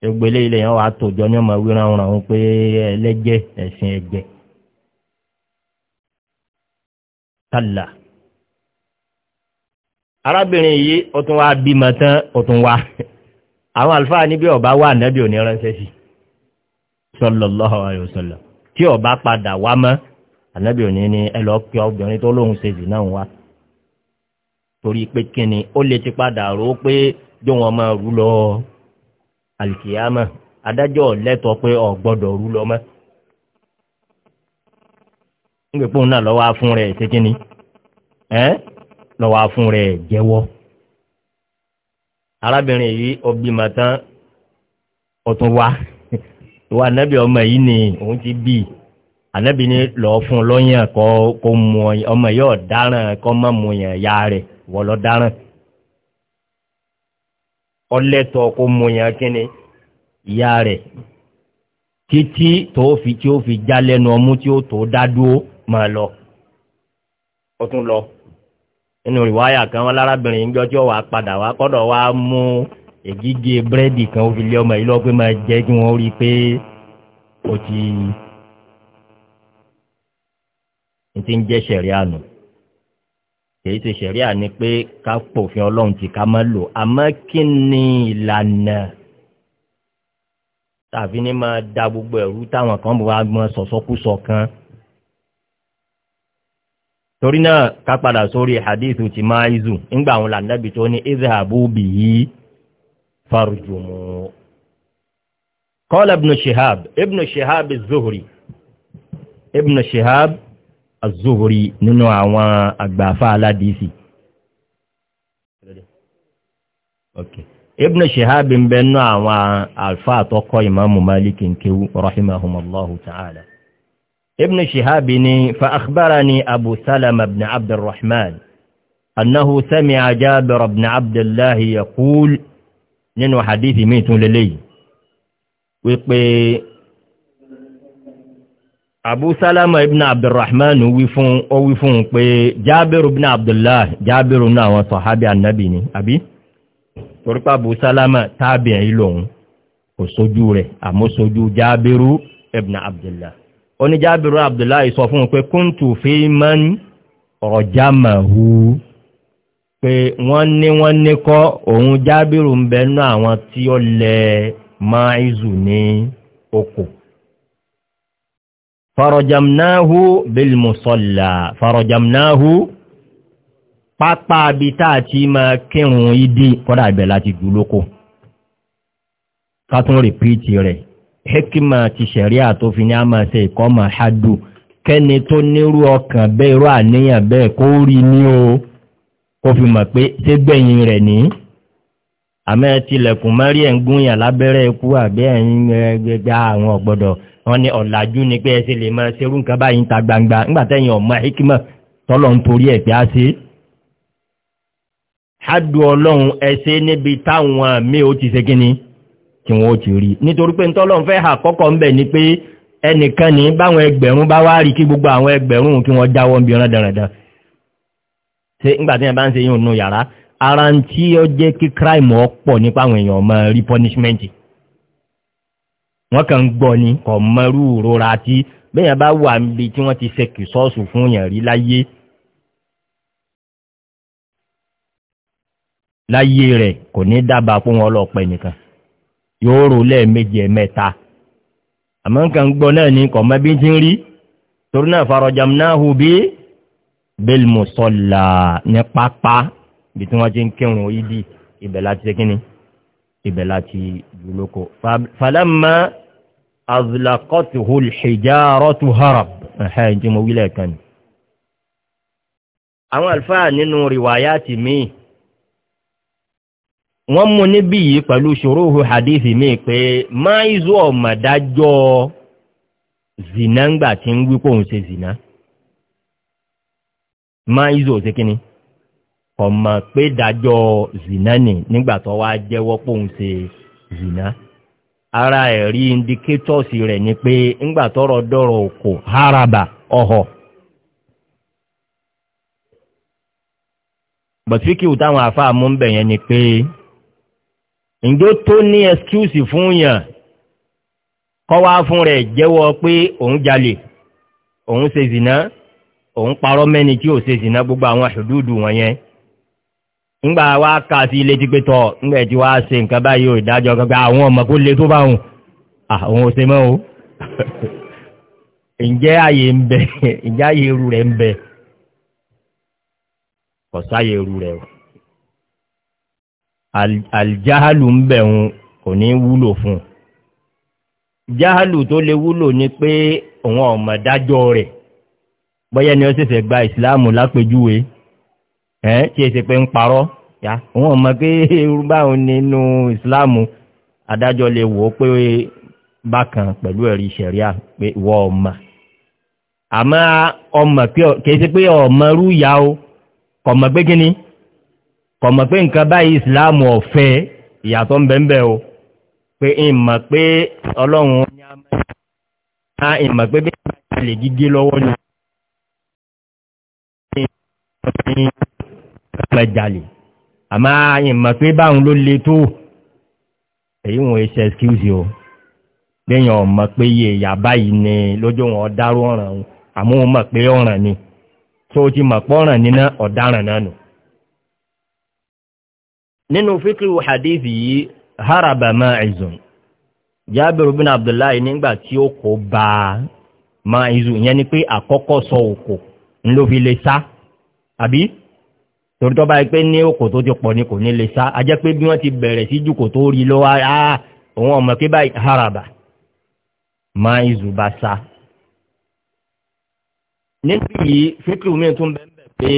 gbogbo eléyìí lè yàn wà tòjọ ní ọmọ wíran ọ̀ràn ọ̀hún pé ẹlẹ́jẹ̀ ẹ̀sìn ẹ̀jẹ̀ kálá. arábìnrin yìí ó tún wá bímọ tán ó tún wá àwọn àlùfáà níbi ọba wà nábì òní ránṣẹ́ sí sọlọ́lọ́hà àyọ̀sọ̀lọ́ tí ọba padà wá mọ́ ànábì òní ni ẹ lọ pe obìnrin tó lóun ṣe jù náà wá torí pé kíni ó lè ti padà rò ó pé jó wọn máa rú lọ adájọ́ pé ọ̀ gbọ́dọ̀ rú lọ mọ́ náà lọ́wọ́ rẹ̀ ṣe kíni ẹ́ lọ́wọ́ rẹ̀ jẹ́wọ́ arábìnrin yìí ìwà anábì ọmọ yìí ni òun ti bí anábì ni lọ fún lọ́yàn kọ́ kó mú ọmọ yìí ọ̀daràn kọ́ mọ́ mú yàn ya rẹ̀ wọ́n lọ dáràn ọlẹ́tọ̀ kó mú yàn kíni ìyá rẹ̀ títí tó fi tí ó fi já lẹ́nu ọmú tí ó tó dá dúró máa lọ ó tún lọ nínú ìwáyà kan wọn lárábìnrin ń gbọ́ tí ó wàá padà wá kọ́dọ̀ wá mú ègígé búrẹ́dì kan ó fi lé ọmọ yìí lọ pé máa jẹ́ kí wọ́n rí i pé ó ti ń ti ń jẹ́ sẹ̀ríà nù kìí ṣe sẹ̀ríà ni pé ká pòfin ọlọ́run tí ká má lò àmọ́ kí ni ìlànà tàbí ní máa da gbogbo ẹ̀rú táwọn kan bọ̀ wá gbọ́n sọ̀sọ́kúsọ kan torí náà ká padà sórí hadithu ti máa ń zù ńgbà àwọn làǹdàbí tó ní ezra abubi فارجموا قال ابن شهاب ابن شهاب الزهري ابن شهاب الزهري ننو عوا اغبافا لديسي اوكي ابن شهاب بن نوع الفا توكو امام مالك كيو رحمهم الله تعالى ابن شهاب فاخبرني ابو سلم بن عبد الرحمن انه سمع جابر بن عبد الله يقول nínú hadithi mi tún lélẹ́yìí wípé abu salama ibn abdulrahman wí fún ó wí fún un pé jábẹ̀rù ibn abdullah jábẹ̀rù náà àwọn sọ̀hábí annabi ni àbí torípa abu salama tábìyàn yìí lòun kò sójú rẹ̀ àmọ́ sójú jábẹ̀rù ibn abdullah ó ní jábẹ̀rù abdullah sọ fún un pé kúntù fi man rọ̀jámàhú pé wọ́n ní wọ́n ní kọ́ òun jábìrù ń bẹ nú àwọn tí ó lẹ máìzù ní oko farajamnahu bilmusalla farajamnahu pápá abita àti máa kírun ìdí kọ́dà ibẹ̀ láti dúlókò kátún rìpíìtì rẹ̀ hekima ti ṣẹ̀ríà tó fi ní a máa ṣe ìkọ́mọ̀ hadu kẹ́ni tó nírú ọkàn bẹ́ẹ̀ irú àníyàn bẹ́ẹ̀ kó rí ní o kó fi mọ̀ pé ṣé gbẹ̀yìn rẹ̀ ní àmọ́ ẹ tilẹ̀kùn mẹ́rí ẹ̀ ń gúnyàn lábẹ́rẹ́ ikú àbí ẹ̀yìn gbẹgbẹ́ àwọn ọ̀gbọ́dọ̀ wọn ni ọ̀làjú ni pé ẹ ṣe lè máa ṣerú nǹkan báyìí ń ta gbangba ńgbà tẹ́yìn ọ̀mọ hikima tọ́lọ̀ ń torí ẹ̀ pé á ṣe. hádù ọlọ́run ẹ ṣe níbi táwọn míì ó ti ṣe kíni tí wọn ó ti rí nítorí pé ntọ́lọ́run fẹ́ hà kọ́kọ́ ńbẹ̀ ni pé ẹnìkan ní báwọn ẹgbẹ̀rún bá wá rí kí gbogbo àwọn ẹgbẹ̀rún kí wọ́n jáwọ́ ń bi rán dáradára ṣe ńgbà tí yẹn bá ń ṣe yín òun yàrá ara ń tí ó jẹ́ kí crime ọ̀pọ̀ nípa àwọn èèyàn ọmọ rí punishment wọ́n kàn ń gbọ́ ni kò mọ́rú ìrora tí bẹ́yàn bá wà níbi tí wọ́n ti ṣe kì sọ́ọ̀sù fún yàn rí láyé láyé rẹ̀ kò ní dábàá fún wọn lọ́pẹ́ nìkan yóò rò lẹ́ẹ̀mejì ẹ̀mẹ́ta àmọ́ nǹkan gbọ́ náà ni kò mọ́ bí ti ń rí torí náà farajamnahu bi bẹ́ẹ̀lmù sọ́là ní pápá bí tí wọ́n ti ń kírun ìdí ibẹ̀ láti kíni ibẹ̀ láti dúlókò falamma azlaqatuhu alhijaratu harab ẹ̀hẹ́ tí mo wílẹ̀ kan ni àwọn àlfáà nínú rìwáyàtì míì wọ́n mú níbí yìí pẹ̀lú ṣòrohu hadithi míì pé máìzú ọ̀mọ̀dájọ́ zìnà ńgbà ń wípò ń ṣe zìnà má izo ṣe kíni ọmọ pé dájọ́ zina ni nígbà tó wá jẹ́wọ́ pòun ṣe zina ara ẹ̀rí indicators rẹ̀ ni pé ńgbà tọrọ dọ̀rọ̀ òkò haraba ọ̀họ̀ bọ̀tíkìwù táwọn àfáà mú ń bẹ̀ yẹn ni pé ǹjọ́ tó ní excuse fún yàn kọ́ wá fún rẹ̀ jẹ́wọ́ pé òun jalè òun ṣe zina. òun parọ́ mẹ́ni tí ò ṣe sì gbogbo àwọn àṣòdúdù wọn ńgbà wá kà sí ilé tí pé tọ̀ ńgbà tí wá ṣe nǹkan báyìí ò ìdájọ́ gbogbo àwọn ọmọ kó le tó bá wọn àwọn mọ́ o ǹjẹ́ ń bẹ ǹjẹ́ eru rẹ̀ ń bẹ eru rẹ̀ o àlìjáhálù ń bẹ̀ òun kò ní wúlò fún un jáhálù tó ni pé òun ọ̀mọ̀dájọ́ rẹ̀ bọ́yẹ́ ni ó sì fẹ́ gba ìsìláàmù lápèjúwe ẹ̀ tí èsì pé ń parọ́ yá wọn mọ̀ pé irúgbàun nínú ìsìláàmù adájọ́ lè wò ó pé bákan pẹ̀lú ẹ̀rí ìṣẹ̀ríà pé wọ́n ọmọ àmọ́ ọmọ kìí pé ọmọ rú ìyá o kọ̀ mọ̀ pé kíni kọ̀ mọ̀ pé nǹkan báyìí ìsìláàmù ọ̀fẹ́ ìyàtọ̀ ń o pé ìmọ̀ pé ọlọ́run ní àmọ́ ìmọ̀ pé bí wọ́n lè gígé lọ́wọ́ ni ní ọ̀pẹ̀jálì àmá ìmọ̀ pé báhùn ló le tó èyí wọn ṣe excuse o lẹ́yìn ọmọ pé iye ìyá báyìí ni lójú wọn ọ̀dáró ọ̀ràn òun àmọ́ wọn mọ̀ pé ọ̀ràn ni tó ti mọ̀ pé ọ̀ràn níná ọ̀daràn náà nù. nínú fíkìrì hadith yìí haraba ma'izun jábìrì bin abdullahi nígbà tí ó kó bá ma'izun ìyẹn ni pé àkọ́kọ́ sọ òkò ńlọ fi lè sá àbí torí tọ́ba yìí pé ní òkò tó ti pọ̀ ni kò ní lè sá a jẹ́ pé bí wọ́n ti bẹ̀rẹ̀ sí jùkò tó rí lọ́wọ́ á òun ọmọ pé báyìí haraba máa ń zù bá sá. níbi yìí fíkìrì mi tún bẹ́ẹ̀ pé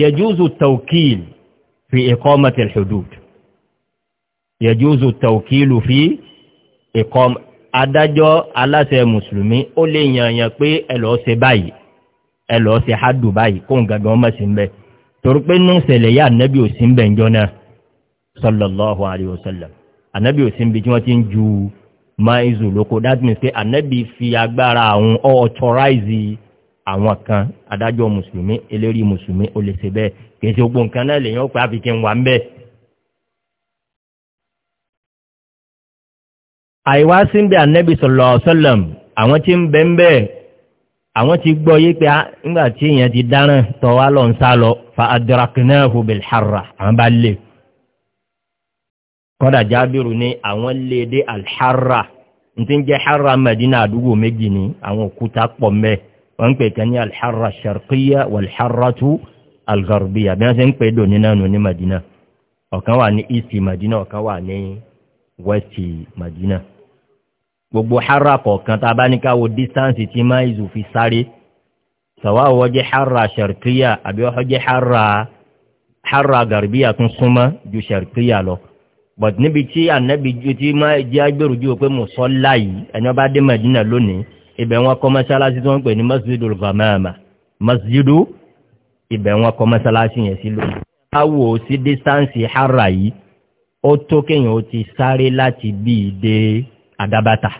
yẹjúzù tawkil fi iqamati al-hudud yẹjúzù tawkil fi iqam adájọ́ aláṣẹ mùsùlùmí ó lè yàn pé ẹ lọ́ọ́ ṣe báyìí ẹ lọ ṣe hádùn báyìí kóun gangan ọmọ sí ń bẹ torí pé nínú ìṣẹ̀lẹ̀ yá ànábì ò ń bẹ ń jọ sallallahu alayhi wa sallam ànábì ò sí ń bi tí wọ́n ti ń ju maizu lóko that means pé ànábì fi agbára àwọn authorize àwọn kan adájọ́ mùsùlùmí eléri mùsùlùmí ó lè kì í ṣe gbogbo nǹkan náà lèyàn ó pé àfikín wà ń bẹ́ẹ̀. àìwá sí ń bẹ ànábì sallallahu sallam àwọn tí ń bẹ ń bẹ́ẹ̀ àwọn ti gbọ́ yí pé nígbà tí èèyàn ti dáràn tọ́ wá lọ ń sá lọ fa adraqnahu bil harra àwọn bá lè kọ́dà jábìrù ní àwọn lè dé alharra n ti ń jẹ́ harra madina àdúgbò méjì ní àwọn òkúta pọ̀ mẹ́ wọ́n ń pè kan ní alharra sharqiyya walharratu algarbiya bí wọ́n ṣe ń pè dò nínú nù ní madina ọ̀kan wà ní east madina ọ̀kan wà ní west madina gbogbo hara kọ̀ọ̀kan tá a bá ní káwo distance tí máa ìzù fi sáré sọ̀wáwọ́ jẹ́ hara sharkiya àbí ọ̀họ́ jẹ́ hara hara garbiya tún súnmọ́ ju sharkiya lọ but níbi tí ànábi ju tí máa jẹ́ agbèrú ju pé mùsọ́lá yìí ẹni ọba dé madina lónìí ibẹ̀ wọn kọ́ mọ́sálásí tó ń pè ní masjidul ghamama masjidu ibẹ̀ wọn kọ́ mọ́sálásí yẹn sí lónìí. báwo sí distance hara yìí ó tó kéèyàn ó ti sáré láti bíi dé àdábàtà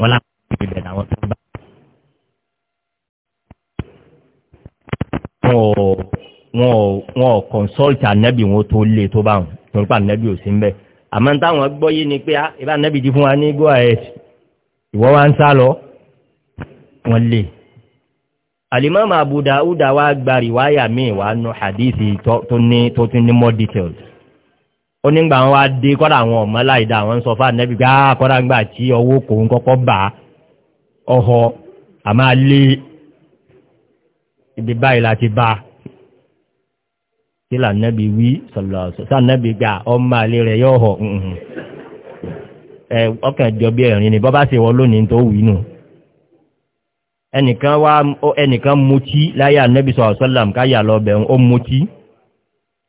wọn lápá ìbẹ̀ làwọn tó bá. wọn ò consult anabi wọn tó lé tó bá wọn torí pa anabi ò sí ń bẹ àmọ́ táwọn gbọ́ yé ni pé ibà anabi ti fún wa ní go ahead ìwọ wa ń sá lọ wọn lè alimami abu dawuda wa gba riwaya mi wa nu hadithi tó ní tó tún ní more details onígbà wọn wá dé kọ́dà àwọn ọmọ láìda àwọn ń sọ fún ànẹ́bí pé áá ah, kọ́dà ńgbà tí ọwọ́ kò ń kọ́kọ́ bà ọ̀họ̀ àmà lé ibi báyìí láti bá kí lànàbí wí sọ̀lọ̀sọ̀ sànàbí gbà ọmọ àlè rẹ̀ yóò họ̀ ẹ ọkàn jọ bí ẹ̀rín ni bọ́bá ṣe wọ lónìí tó wí nù ẹnìkan wá ẹnìkan mutí láyé ànẹ́bí sọ̀rọ̀ sọ́làm káyà lọ bẹ̀rùn ó mutí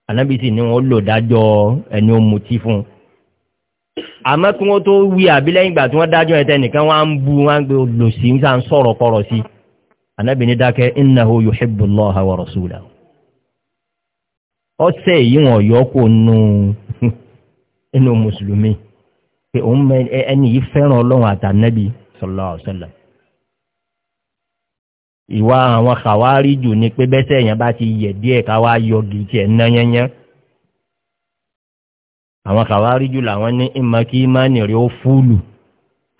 ànábì sì ni wọn lò dájọ́ ẹni ó mutí fún un kí wọ́n tó wí àbí lẹ́yìn tí wọ́n dájọ́ bu wọ́n á ń gbé olùsí ń sàn sọ̀rọ̀ kọ̀rọ̀ sí ànábì ní dákẹ́ innahu yuhibbullaha wa rasulahu ọ̀sẹ̀ yìí wọ́n yọ kó nu inú mùsùlùmí ẹni yìí ìwà àwọn kàwárí jù ni pé bẹ́sẹ̀ èèyàn bá ti yẹ̀ díẹ̀ káwá yọgì tiẹ̀ náyányán àwọn kàwárí jù làwọn ní ìmọ̀ kí ìmánì rí ó fúlù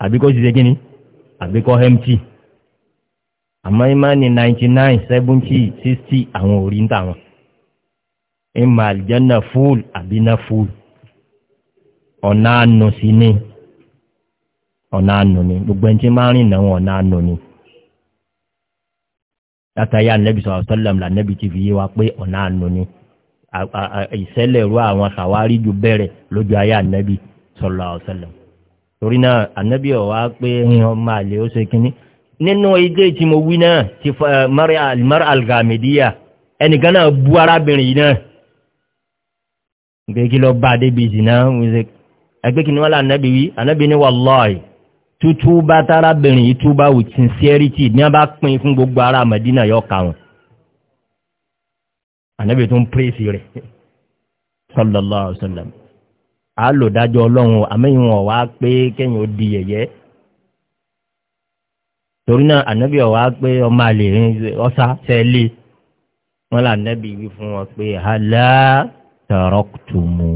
àbí kó ti ṣe kíni àbí kó hẹ́mtì àmọ́ ìmánì ninety nine seventy sixty àwọn òrí ń tà wọn ìmọ̀ àlìjẹ́nà fúlù àbí ná fúlù ọ̀nà ànù sí ni ọ̀nà ànù ni gbogbo ẹni tí máa ń rìn náà ọ̀nà ànù ni látàyà nẹ́bí sọ̀rọ̀ sọ́lẹ̀m là nẹ́bí ti fi yé wa pé ọ̀nà àánú ni ìṣẹ̀lẹ̀ ru àwọn àwárí ju bẹ̀rẹ̀ lójú ayé ànẹ́bí sọ̀rọ̀ sọ́lẹ̀m torí náà ànẹ́bí ọ̀ wá pé ọmọ àlè ó ṣe kínní nínú ilé tí mo wí náà ti mara algamidiya ẹnìkan náà bu arábìnrin yìí náà gbé kí lọ bá débi ìsìn náà ẹgbẹ́ kí ni wọ́n lá ànẹ́bí wí ànẹ́bí ní wàlọ́ọ̀yì tútú bá tárábìnrin yìí túbá with sincerity ní a bá pín fún gbogbo ara Mẹ̀dínà yọ ká wọn ànábì tó ń pèsè sallallahu alaihi wasallam a lò dájọ́ ọlọ́run àmẹ́yìn wọn wá pé kẹ́yìn ó di yẹ̀yẹ́ torí náà ànábì ọ̀wá pé ọmọ àlè rìn ọ́sá wọn là ànábì wí fún wọn pé hàlá tààrọ́kùtùmù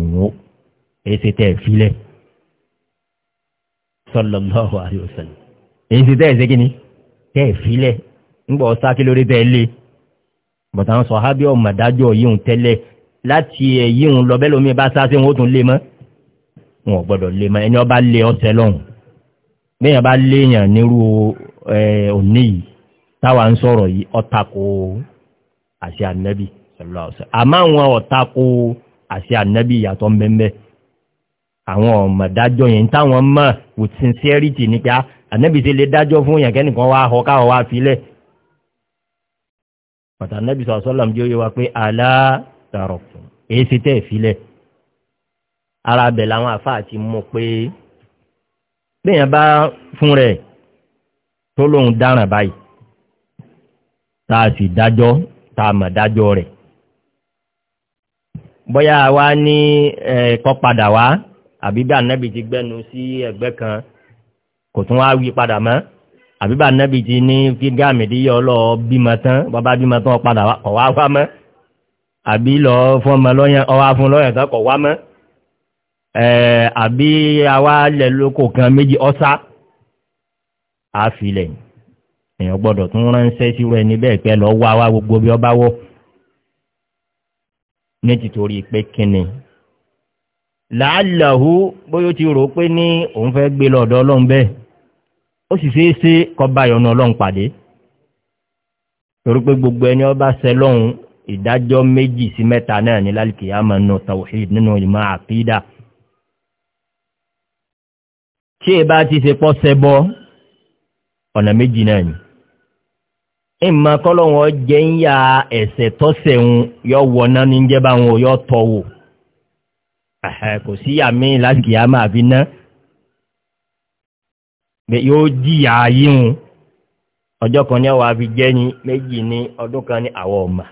èsì tẹ̀ fílẹ̀ sallallahu alayhi wa sallam èyí ti tẹ́ẹ̀ ṣégin ni tẹ́ẹ̀ filẹ̀ ńgbọ́ sákì lórí tẹ́ẹ̀ lé bọ̀tà ń sọ hábí ọmọ dájọ́ yíhun tẹ́lẹ̀ láti ẹ̀yíhun lọ bẹ́ẹ̀ lómi bá sáṣẹ́ wọn ó tún lé mọ́ wọn ò gbọ́dọ̀ lé mọ́ ẹni ọba lé ọsẹ lọ́hùn bẹ́ẹ̀ bá léèyàn nírú òní yìí táwa ń sọ̀rọ̀ yìí ọ̀tako àṣẹ ànẹ́bì sallallahu alayhi àmọ́ àwọn ọ̀tako àṣẹ ànẹ́bì yàtọ̀ mbẹ́mbẹ́ àwọn ọmọ dájọ́ yẹn táwọn mọ̀ with sincerity ní pé ah, ànẹ́bì ṣe lè dájọ́ fún yẹn kẹ́nìkan wá họ káwọ́ wá filẹ̀ pàtà ànẹ́bì sọ sọ́lọ́m jẹ́ oyé wa pé aláàtàrọ̀ fún èyí ṣe tẹ́ ìfilẹ̀ ara bẹ̀ làwọn àfáà ti mú pé bẹ́yẹn bá fún rẹ̀ tó lóun dáràn báyìí tá a sì dájọ́ tá a mọ̀ dájọ́ rẹ̀ bóyá wa ní ẹ̀ẹ́kọ́ padà wá àbíbá nẹ́bì ti gbẹ́nu sí ẹgbẹ́ kan kò tún wá wí padà mọ́ àbíbá nẹ́bì ti ní kí gáàmìdí yọ lọ bímọ tán bàbá bímọ tán padà kọ̀ wá wá mọ́ àbí lọ fún ọmọ lọ́yàn ọwá fún lọ́yàn tán kọ̀ wá mọ́ àbí àwa lẹ̀ lóko kan méjì ọ́sá àfilẹ̀ èèyàn gbọ́dọ̀ tún ránṣẹ́ sí rẹ̀ níbẹ̀ pẹ́ lọ wá wá gbogbo bí ọ wọ́ ní títorí pé kíni làálàhù bóyá ó ti rò pé ní òun fẹ́ gbé lọ́dọ̀ ọlọ́run bẹ́ẹ̀ ó sì ṣeé ṣe kó bá ìyọnu ọlọ́run pàdé torí pé gbogbo ẹni ó bá ṣẹ lọ́hùn ìdájọ́ méjì sí mẹ́ta náà ní lálùkìyàmọ̀ nù tawhid nínú ìmọ̀ àkídà tí ẹ ti ṣe pọ́ ṣẹbọ ọ̀nà méjì náà ni ìmọ̀ kọ́lọ́hún ọ jẹ́ ń ya ẹ̀ṣẹ̀ tọ́sẹ̀ ń yọ wọ náà ní jẹ́ báwọn yọ tọ̀ wò. kò sí àmì lásìkò yá máa fi ná yóò jìyà yíhun ọjọ́ kan ní ọwọ́ àfi jẹ́ ní méjì ní ọdún kan ní àwọ̀ ọ̀mà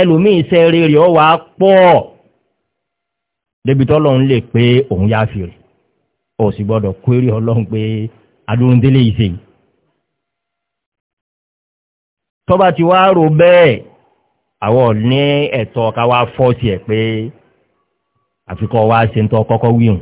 ẹlòmíì iṣẹ́ rere ọwọ́ á pọ̀ débi tọ́lọ́run lè pé òun yá fi rè ó sì gbọ́dọ̀ kórè ọlọ́run pé adúrúndélé yìí sèyí tọ́ba ti wá rò bẹ́ẹ̀ Àwọ̀ ní ẹ̀tọ́ ká wá fọ́ọ̀sì ẹ̀ pé. àfikọ́ wa ṣe ń tọ́ kọ́kọ́ wíhùn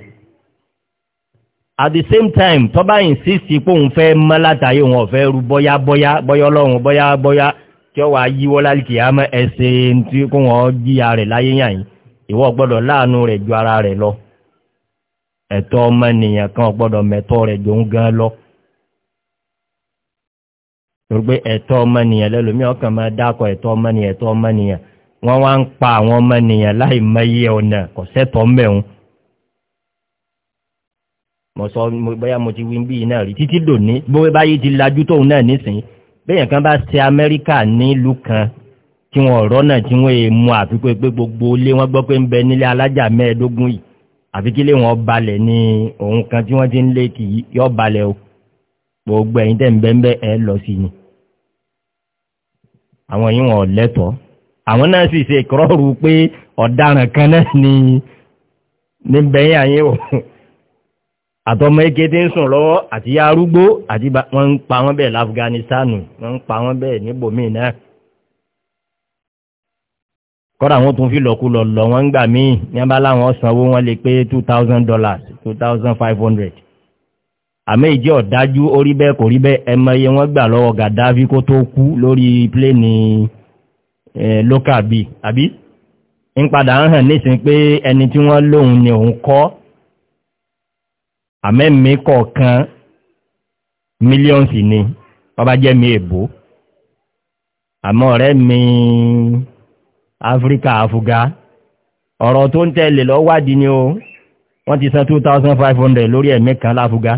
at the same time tó bá insist pé òun fẹ́ mọ́ látàyè òun ọ̀fẹ́ ru bọ́yá bọ́yá bọ́yá ọlọ́run bọ́yá bọ́yá tí ó wà yíwọ́ lálìkì àmọ́ ẹsẹ̀ tí kò wọ́n jíya rẹ̀ láyé yàn ìwọ gbọ́dọ̀ láàánú rẹ̀ ju ara rẹ̀ lọ ẹ̀tọ́ ọmọnìyàn kan gbọ́dọ̀ mẹ́tọ́ rẹ̀ ju òun gan lọ. torí pé ẹ̀tọ́ ọmọnìyàn lẹ́lòmí ọkàn máa dákọ̀ ẹ̀tọ́ ọmọnìyàn ẹ̀tọ́ ọmọnìyàn wọ́n wá ń pa àwọn ọmọ ènìyàn láì mẹ́yẹ ọ̀nà kò sẹ́tọ̀ mẹ́un mo sọ bóyá mo ti wí bí iná rí títí dòní bóyá báyìí ti lajú tóun náà nísìnyí bẹ́yàn kan bá ṣe amẹ́ríkà nílùú kan tí wọn ọ̀rọ̀ náà tí wọ́n èè mú àfi pé pé gbogbo ilé wọn gbọ́ pé ń bẹ nílé alájà mẹ́ẹ̀ẹ́dógún yìí àfi kílé wọn balẹ̀ ní òun kan tí wọ́n ti ń lé kì í yọ balẹ̀ o gbogbo ẹ̀yin tẹ̀ ń bẹ́ẹ̀ ẹ lọ sí ni àwọn yìí wọn ò lẹ́tọ̀ọ́ àwọn náà sì ṣe ìkọrọ̀rù pé ọ̀daràn kan náà ni níbẹ̀yìn àyè o àtọmọ eke tí ń sùn lọ́wọ́ àti ya arúgbó àti wọ́n ń pa wọ́n bẹ́ẹ̀ láfgánistánù wọ́n ń pa wọ́n bẹ́ẹ̀ níbòmíì náà kọ́dà wọ́n tún fi lọ́kú lọ lọ wọ́n gbà míì ní abá láwọn sanwó wọn lè pé two thousand dollars two thousand five hundred àmọ́ ìjẹ́ ọ̀dájú orí bẹ́ẹ̀ kò rí bẹ́ẹ̀ ẹmọ iye wọ́n gbà lọ́wọ́ gàdáfi kó tó kú lórí pléènì Eh, lókà bi àbí ń padà ń hàn nísìnyí pé ẹni tí wọ́n lóun ni òun kọ́ àmẹ́mí kọ̀ọ̀kan mílíọ̀nsì ni wọ́n bá jẹ́ mi èbó àmọ́ ọ̀rẹ́ mi áfíríkà àfugá ọ̀rọ̀ tó ń tẹ̀lé lọ́wádìí ni o wọ́n ti san two lórí ẹ̀mí kan láfugá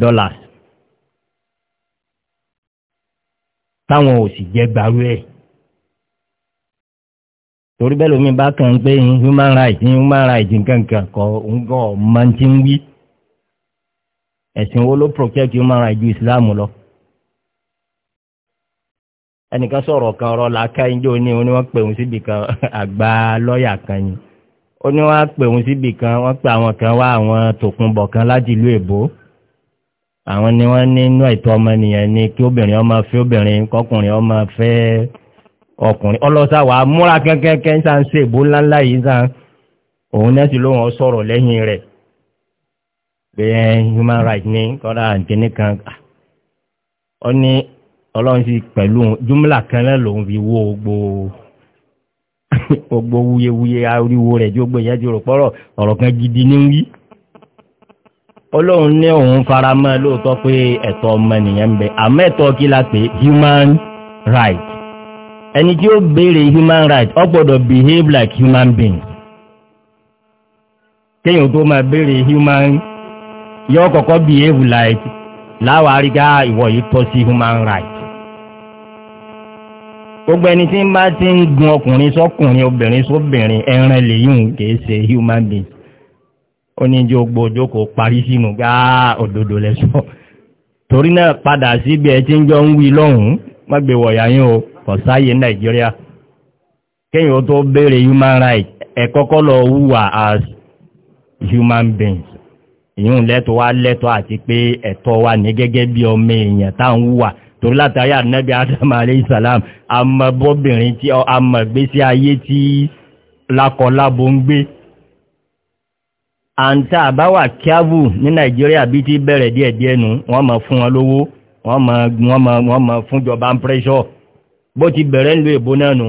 dollars táwọn ò sì jẹ́ gbarú ẹ̀ torí bẹ́ẹ̀ lómi bá kàn ń pé human rights human rights nkankan kọ nǹkan ọ̀ma ti ń wí ẹ̀sìn wo ló protect human rights ju Islam lọ. ẹnìkan sọ̀rọ̀ kan ọ̀rọ̀ làákàyìn jẹ́ òní òní wọ́n pè òun síbi kan àgbà lọ́ọ̀yà kan ni òní wọ́n pè òun síbi kan wọ́n pè àwọn kan wá àwọn tòkunbọ̀ kan láti ìlú èbó àwọn ni wọ́n ní inú ẹ̀tọ́ ọmọnìyàn ni kí obìnrin ọmọ fẹ́ obìnrin kọkùnrin ọmọ fẹ́ẹ́ ọkùnrin ọlọ́sà wàá múra kẹ́kẹ́kẹ́ ń sàn ṣe ìbò ńláńlá yìí sàn òun náà sì lóun sọ̀rọ̀ lẹ́yìn rẹ̀ bẹ́ẹ̀ eh, human rights ní kọ́dà àǹtẹ̀ní kan ọ ah. ní ọlọ́run sì pẹ̀lú júmùlà kan náà lòun fi wó gbó gbogbo wuyewuye ariwo rẹ̀ tí ó gbé yẹn ti rò pọ́rọ̀ ọ̀rọ̀ kan gidi ní wí ọlọ́run ní òun fara mọ́ lóòótọ́ pé ẹ̀tọ́ ọmọ nìyẹn ń bẹ àmọ́ ẹ̀tọ́ kí la pè human rights ẹni tí ó béèrè human rights ó gbọ́dọ̀ behave like human being kéèyàn tó máa béèrè human yóò kọkọ behave like láwárí ká ah, ìwọ yìí tọ́ sí human right gbogbo ẹni tí ń bá ti ń gun ọkùnrin sọkùnrin obìnrin sóbìnrin ẹran lèyún kìí ṣe human being ó ní jẹ́ ogbó ojókòó parí sínú gbáà ah, òdodo lẹ́sọ̀ torí náà padà síbi ẹ ti ń jọ ń wí lọ́hùn má gbé wọ̀yà yín o. kọ̀sáyé nàìjíríà kéyìn ó tó béèrè human rights ẹ̀kọ́kọ́ lọ wùwà as human beings ìyún lẹ́tọ̀ wá lẹ́tọ̀ àti pé ẹ̀tọ́ wa ní gẹ́gẹ́ bí ọmọ èèyàn táwọn wùwà torí látàrí ànábì adam alayhi salam amọ̀bọ́bìnrin tí amọ̀gbésí ayé tí lákọlábo ń gbé àǹtà àbáwà kíávù ní nàìjíríà bí ti bẹ̀rẹ̀ díẹ̀díẹ̀ nù wọ́n mọ̀ fún wọn lówó wọ́n mọ̀ fúnjọba ń pressure bó ti bẹ̀rẹ̀ ń lo èbó náà nù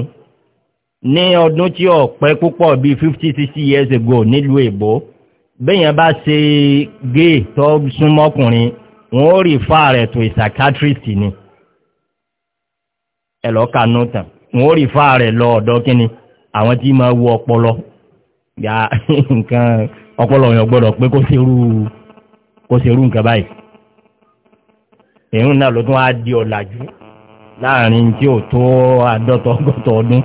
ní ọdún tí ó púpọ̀ bíi fifty sixty years ago nílùú èbó bẹ́yẹn bá ṣe gay tó súnmọ́kùnrin wọ́n ó rí fa tó psychiatrist ni ẹ lọ́ọ́ kanú tán wọ́n ó rí fa rẹ̀ lọ ọ̀dọ́ kínni àwọn tí máa wo ọpọlọ ya nǹkan ọpọlọ yẹn gbọ́dọ̀ pé kó ṣerú kó ṣerú nǹkan báyìí èyí náà ló tún á di ọ̀làjú láàrin tí ò tó àádọ́ta ọgọ́ta ọdún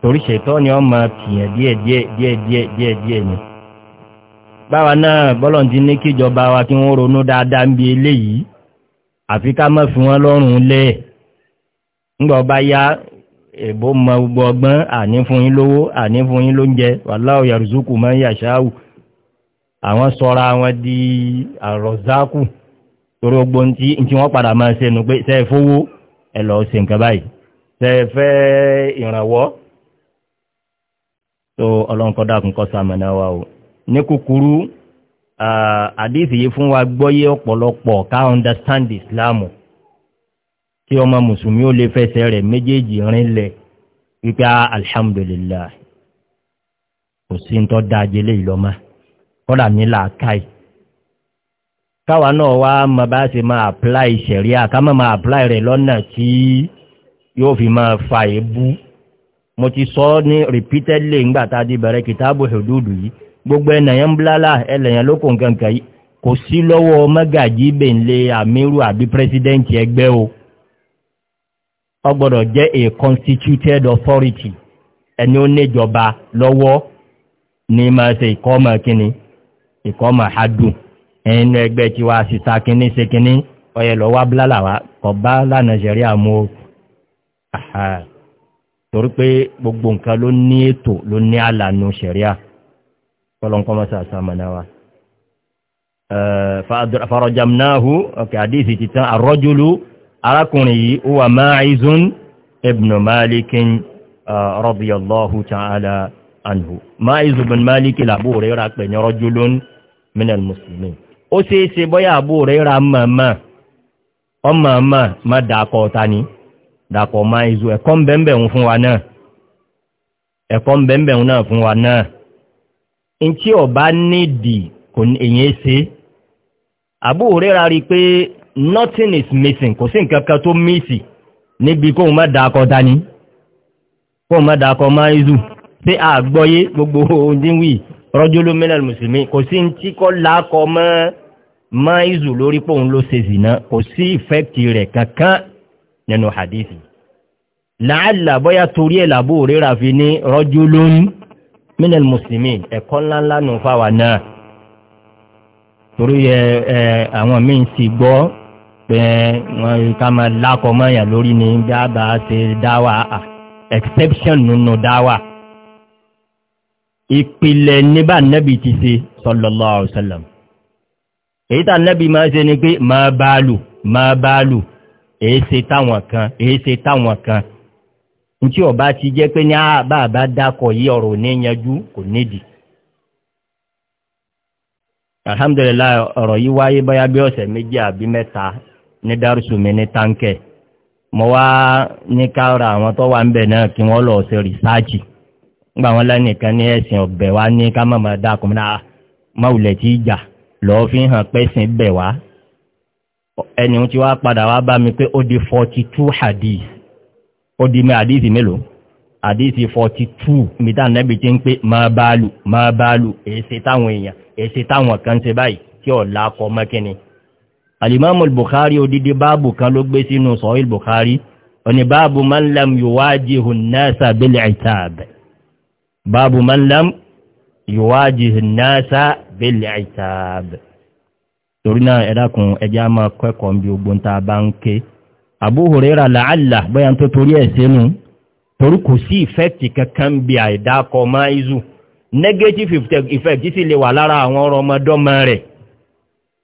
torí ṣètọ́ ni wọ́n máa tìyàn díẹ̀ díẹ̀ díẹ̀ díẹ̀ díẹ̀ ni báwa náà bọ́lọ̀ntì ní kíjọba wa kí wọ́n ronú dáadáa ń bi eléyìí àfi ká má fi wọ́n lọ́rùn lẹ̀ ńgbà ọba ya èbó mọ gbogbo ọgbọ́n àní fún yín lówó àní fún yín lóúnjẹ wàláwò yàrùsùkù máa ń yàṣáwù àwọn sọra wọn di àrọ̀zákù torí ogbó ntí ntí wọ́n padà máa ṣe nu pé ṣe é fowó ẹ lọ ṣe nǹkan báyìí ṣe é fẹ́ ìrànwọ́ tó ọlọ́nkọ́dá kún kọ́ sàmìnà wa o ní kúkúrú àdìsí yìí fún wa gbọ́yé ọ̀pọ̀lọpọ̀ ká understand Islam tí ọmọ mùsùlùmí ó lè fẹsẹ̀ rẹ̀ méjèèjì rinlẹ̀ wípé ah, alhamdulillah kò sí ń tọ́ da ajé lè lọ́mọ kọ́dà ní làákàyè. káwa náà wá mọ bá ṣe máa apply ṣẹ̀ríà ká máa apply rẹ̀ lọ́nà tí yóò fi máa fa ebu mo ti sọ ní repeatedly ńgbà tá a ti bẹ̀rẹ̀ kìtàbù yìí gbogbo ẹnìyàn blala ẹlẹ́yìn ló kò yìí kò sí lọ́wọ́ mọ́gàjì bèǹlé àmírù àbí ẹgbẹ́ o gbọ́dọ̀ jẹ́ a constituted authority ẹni ó níjọba lọ́wọ́ ní máa ṣe ìkọ́mọ̀ ẹnu ẹgbẹ́ tí wá síta kínní ṣe kínní ọyẹ lọ wá bílálà wá kọ bá lànà ṣẹ̀rí àmú o torí pé gbogbo nǹkan ló ní ètò ló ní àlànà ṣẹ̀rí à kọlọ́nkọ́mọ́sà sàmànà wa. farajamnahu ọkẹ́ àdéhìsì ti tán àrọ́júlù arákùnrin yìí ó wà máàizún ibn malikin rọ́bìyàlláhu ta'ala anhu máàizún ibn malikin làbúrẹ́ rà pẹ̀yìn rọ́júlù min al-muslimin ó ṣe é ṣe bọ́yà àbú rẹ̀ ra mọ̀mọ̀ ọmọọmọ má dàpọ̀ ta ni dàpọ̀ máa ìzù ẹ̀kọ́ ń bẹ̀m̀bẹ̀ ń fún wa náà ẹ̀kọ́ ń bẹ̀m̀bẹ̀ ń náà fún wa náà n tí ọba nídìí kò ní èyí ṣe àbú rẹ̀ ra rí i pé nothing is missing kò sí nǹkan kan tó mísì níbi kóun má dàpọ̀ ta ni kóun má dàpọ̀ máa ìzù pé àgbọ́yé gbogbo ohun tí ń wí rọ́júlómìnà mùsùlùmí kò sí ní tí kọ́ làákọ̀ mọ́ máìzù lórí pòun ló ṣe zìnà kò sí ìfẹ́kì rẹ̀ kankan nínú hadithi làálà bóyá torí ẹ̀ làbó rírà fi ní rọ́jú lónìí minal muslimin ẹ̀kọ́ ńláńlá nù fáwa náà torí ẹ ẹ àwọn míín sì gbọ́ pé wọn ká máa lákọ̀ mọ́yàn lórí ni bí a bá ṣe dáwà exception nínú dáwà ìpìlẹ̀ níbà nẹ́bì ti ṣe sallallahu alaihi wasallam èyí tà nẹ́bí máa ṣe ni pé máa báálù máa báálù èé ṣe táwọn kan èé ṣe táwọn kan ntí ọba ti jẹ́ pé ní àbáàbá dákọ̀ yí ọ̀rọ̀ ní yanjú kò nídìí. alhamdulilayi ọ̀rọ̀ yìí wáyé báyá bí ọ̀sẹ̀ méjì àbí mẹ́ta ní dárúsù ní táǹkẹ̀ mo wá ní kára àwọn tó wà ń bẹ̀ náà kí wọ́n lọ ṣe rìsáàjì nígbà wọn lẹ́nìkan ní ẹ̀sìn ọ̀bẹ̀ wá ní ká má má dákọ̀ náà lọ́ọ́ fi hàn pẹ́sìn bẹ̀ wá ẹni tí wá padà wá bá mi pé ó di forty two hadith ó di mi hadith mélòó hadith forty two mi tá nẹ́bi tí ń pé máa báàlù máa báàlù èsì táwọn èèyàn èsì táwọn kan ṣe báyìí tí ọ̀la kọ mọ́kínni alimami bukhari odidi báàbù kan ló gbé sínú sọ́yìn bukhari oni báàbù man lam yuwajihu nasa bil itab báàbù man yòwájì náàsá bẹ́lẹ̀ àìsàbẹ̀. torí náà ẹ̀dàkùn ẹjá máa kẹ́kọ̀ọ́ bí ogun ta bá ń ké àbúhùrẹ́ra làálà bóyá tó torí ẹ̀ sínú torí kò sí ìfẹ́ẹ̀tì kankan bí àìdákọ máa ìzù negative effect sì lè wà lára àwọn ọ̀rọ̀ ọmọdọ́mọ rẹ̀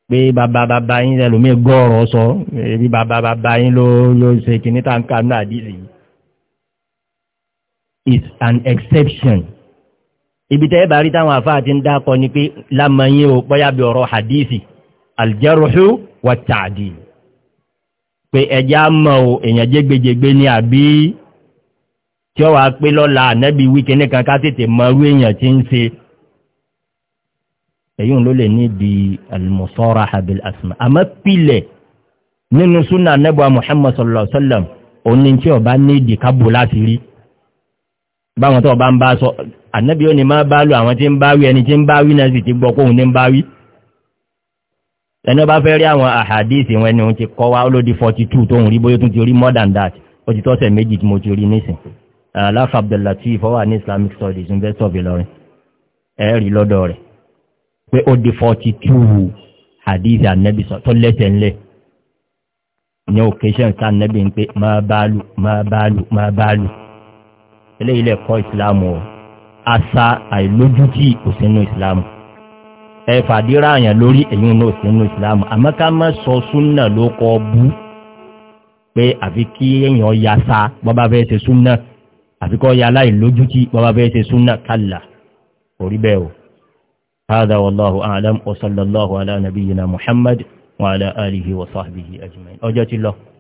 pé bàbá bàbá yín ẹlòmí gọ́ọ̀rọ̀ sọ ebi bàbá bàbá yín ló ló ṣe kìnnìtàǹkà náà dìsì is an exception ibi tẹ́ bá rí táwọn àfáà ti ń dákọ ni pé lámàáyé o bọ́yá bí ọ̀rọ̀ hadithi aljaruhu wa taadi pé ẹja mọ̀ o èèyàn jégbèjègbè ni àbí tí ó wà pé lọ́la ànẹ́bí wíkẹ́ nìkan ká tètè mọ irú èèyàn tí ń ṣe èyí ló lè ní di almusora habil asma àmọ́ pilẹ̀ nínú súnà nẹ́bọ̀ muhammad sallallahu alaihi wa sallam òun ni tí ọba ní ìdí kábù láti báwọn tó bá ń bá sọ ànábì ó ní máa bá lò àwọn tí ń bá wí ẹni tí ń bá wí náà sì ti gbọ́ kóhun ní ń bá wí ẹni ó bá fẹ́ rí àwọn àhàdíìsì wọn ni òun ti kọ́ wa ó ló di forty two tóun rí bóyá tún ti rí more than that ó ti tọ́sẹ̀ méjì tí mo ti rí nísìn aláfa abdullahi fọwọ́ ní islamic studies university of Ìlọrin ẹ rí lọ́dọ̀ rẹ̀ pé ó di forty two àdíìsì ànábì tó lẹ́sẹ̀ ńlẹ̀ ní occasion ká ànábì ń pé máa bá lù máa bá lù máa bá lù eléyìí lẹ̀kọ́ ìsìlámù o àṣà àìlójútì kò sínú ìsìlámù ẹ fàdírà àyàn lórí èyí náà sínú ìsìlámù àmọ́ ká má sọ súnà ló kọ bú pé àfi kí èèyàn ya sa bọ́bá fẹ́ ṣe súnà àfi kọ́ ya aláìlójútì bọ́bá fẹ́ ṣe súnà kálà kò bẹ́ẹ̀ o. هذا والله أعلم وصلى الله على نبينا محمد وعلى آله وصحبه أجمعين أجت الله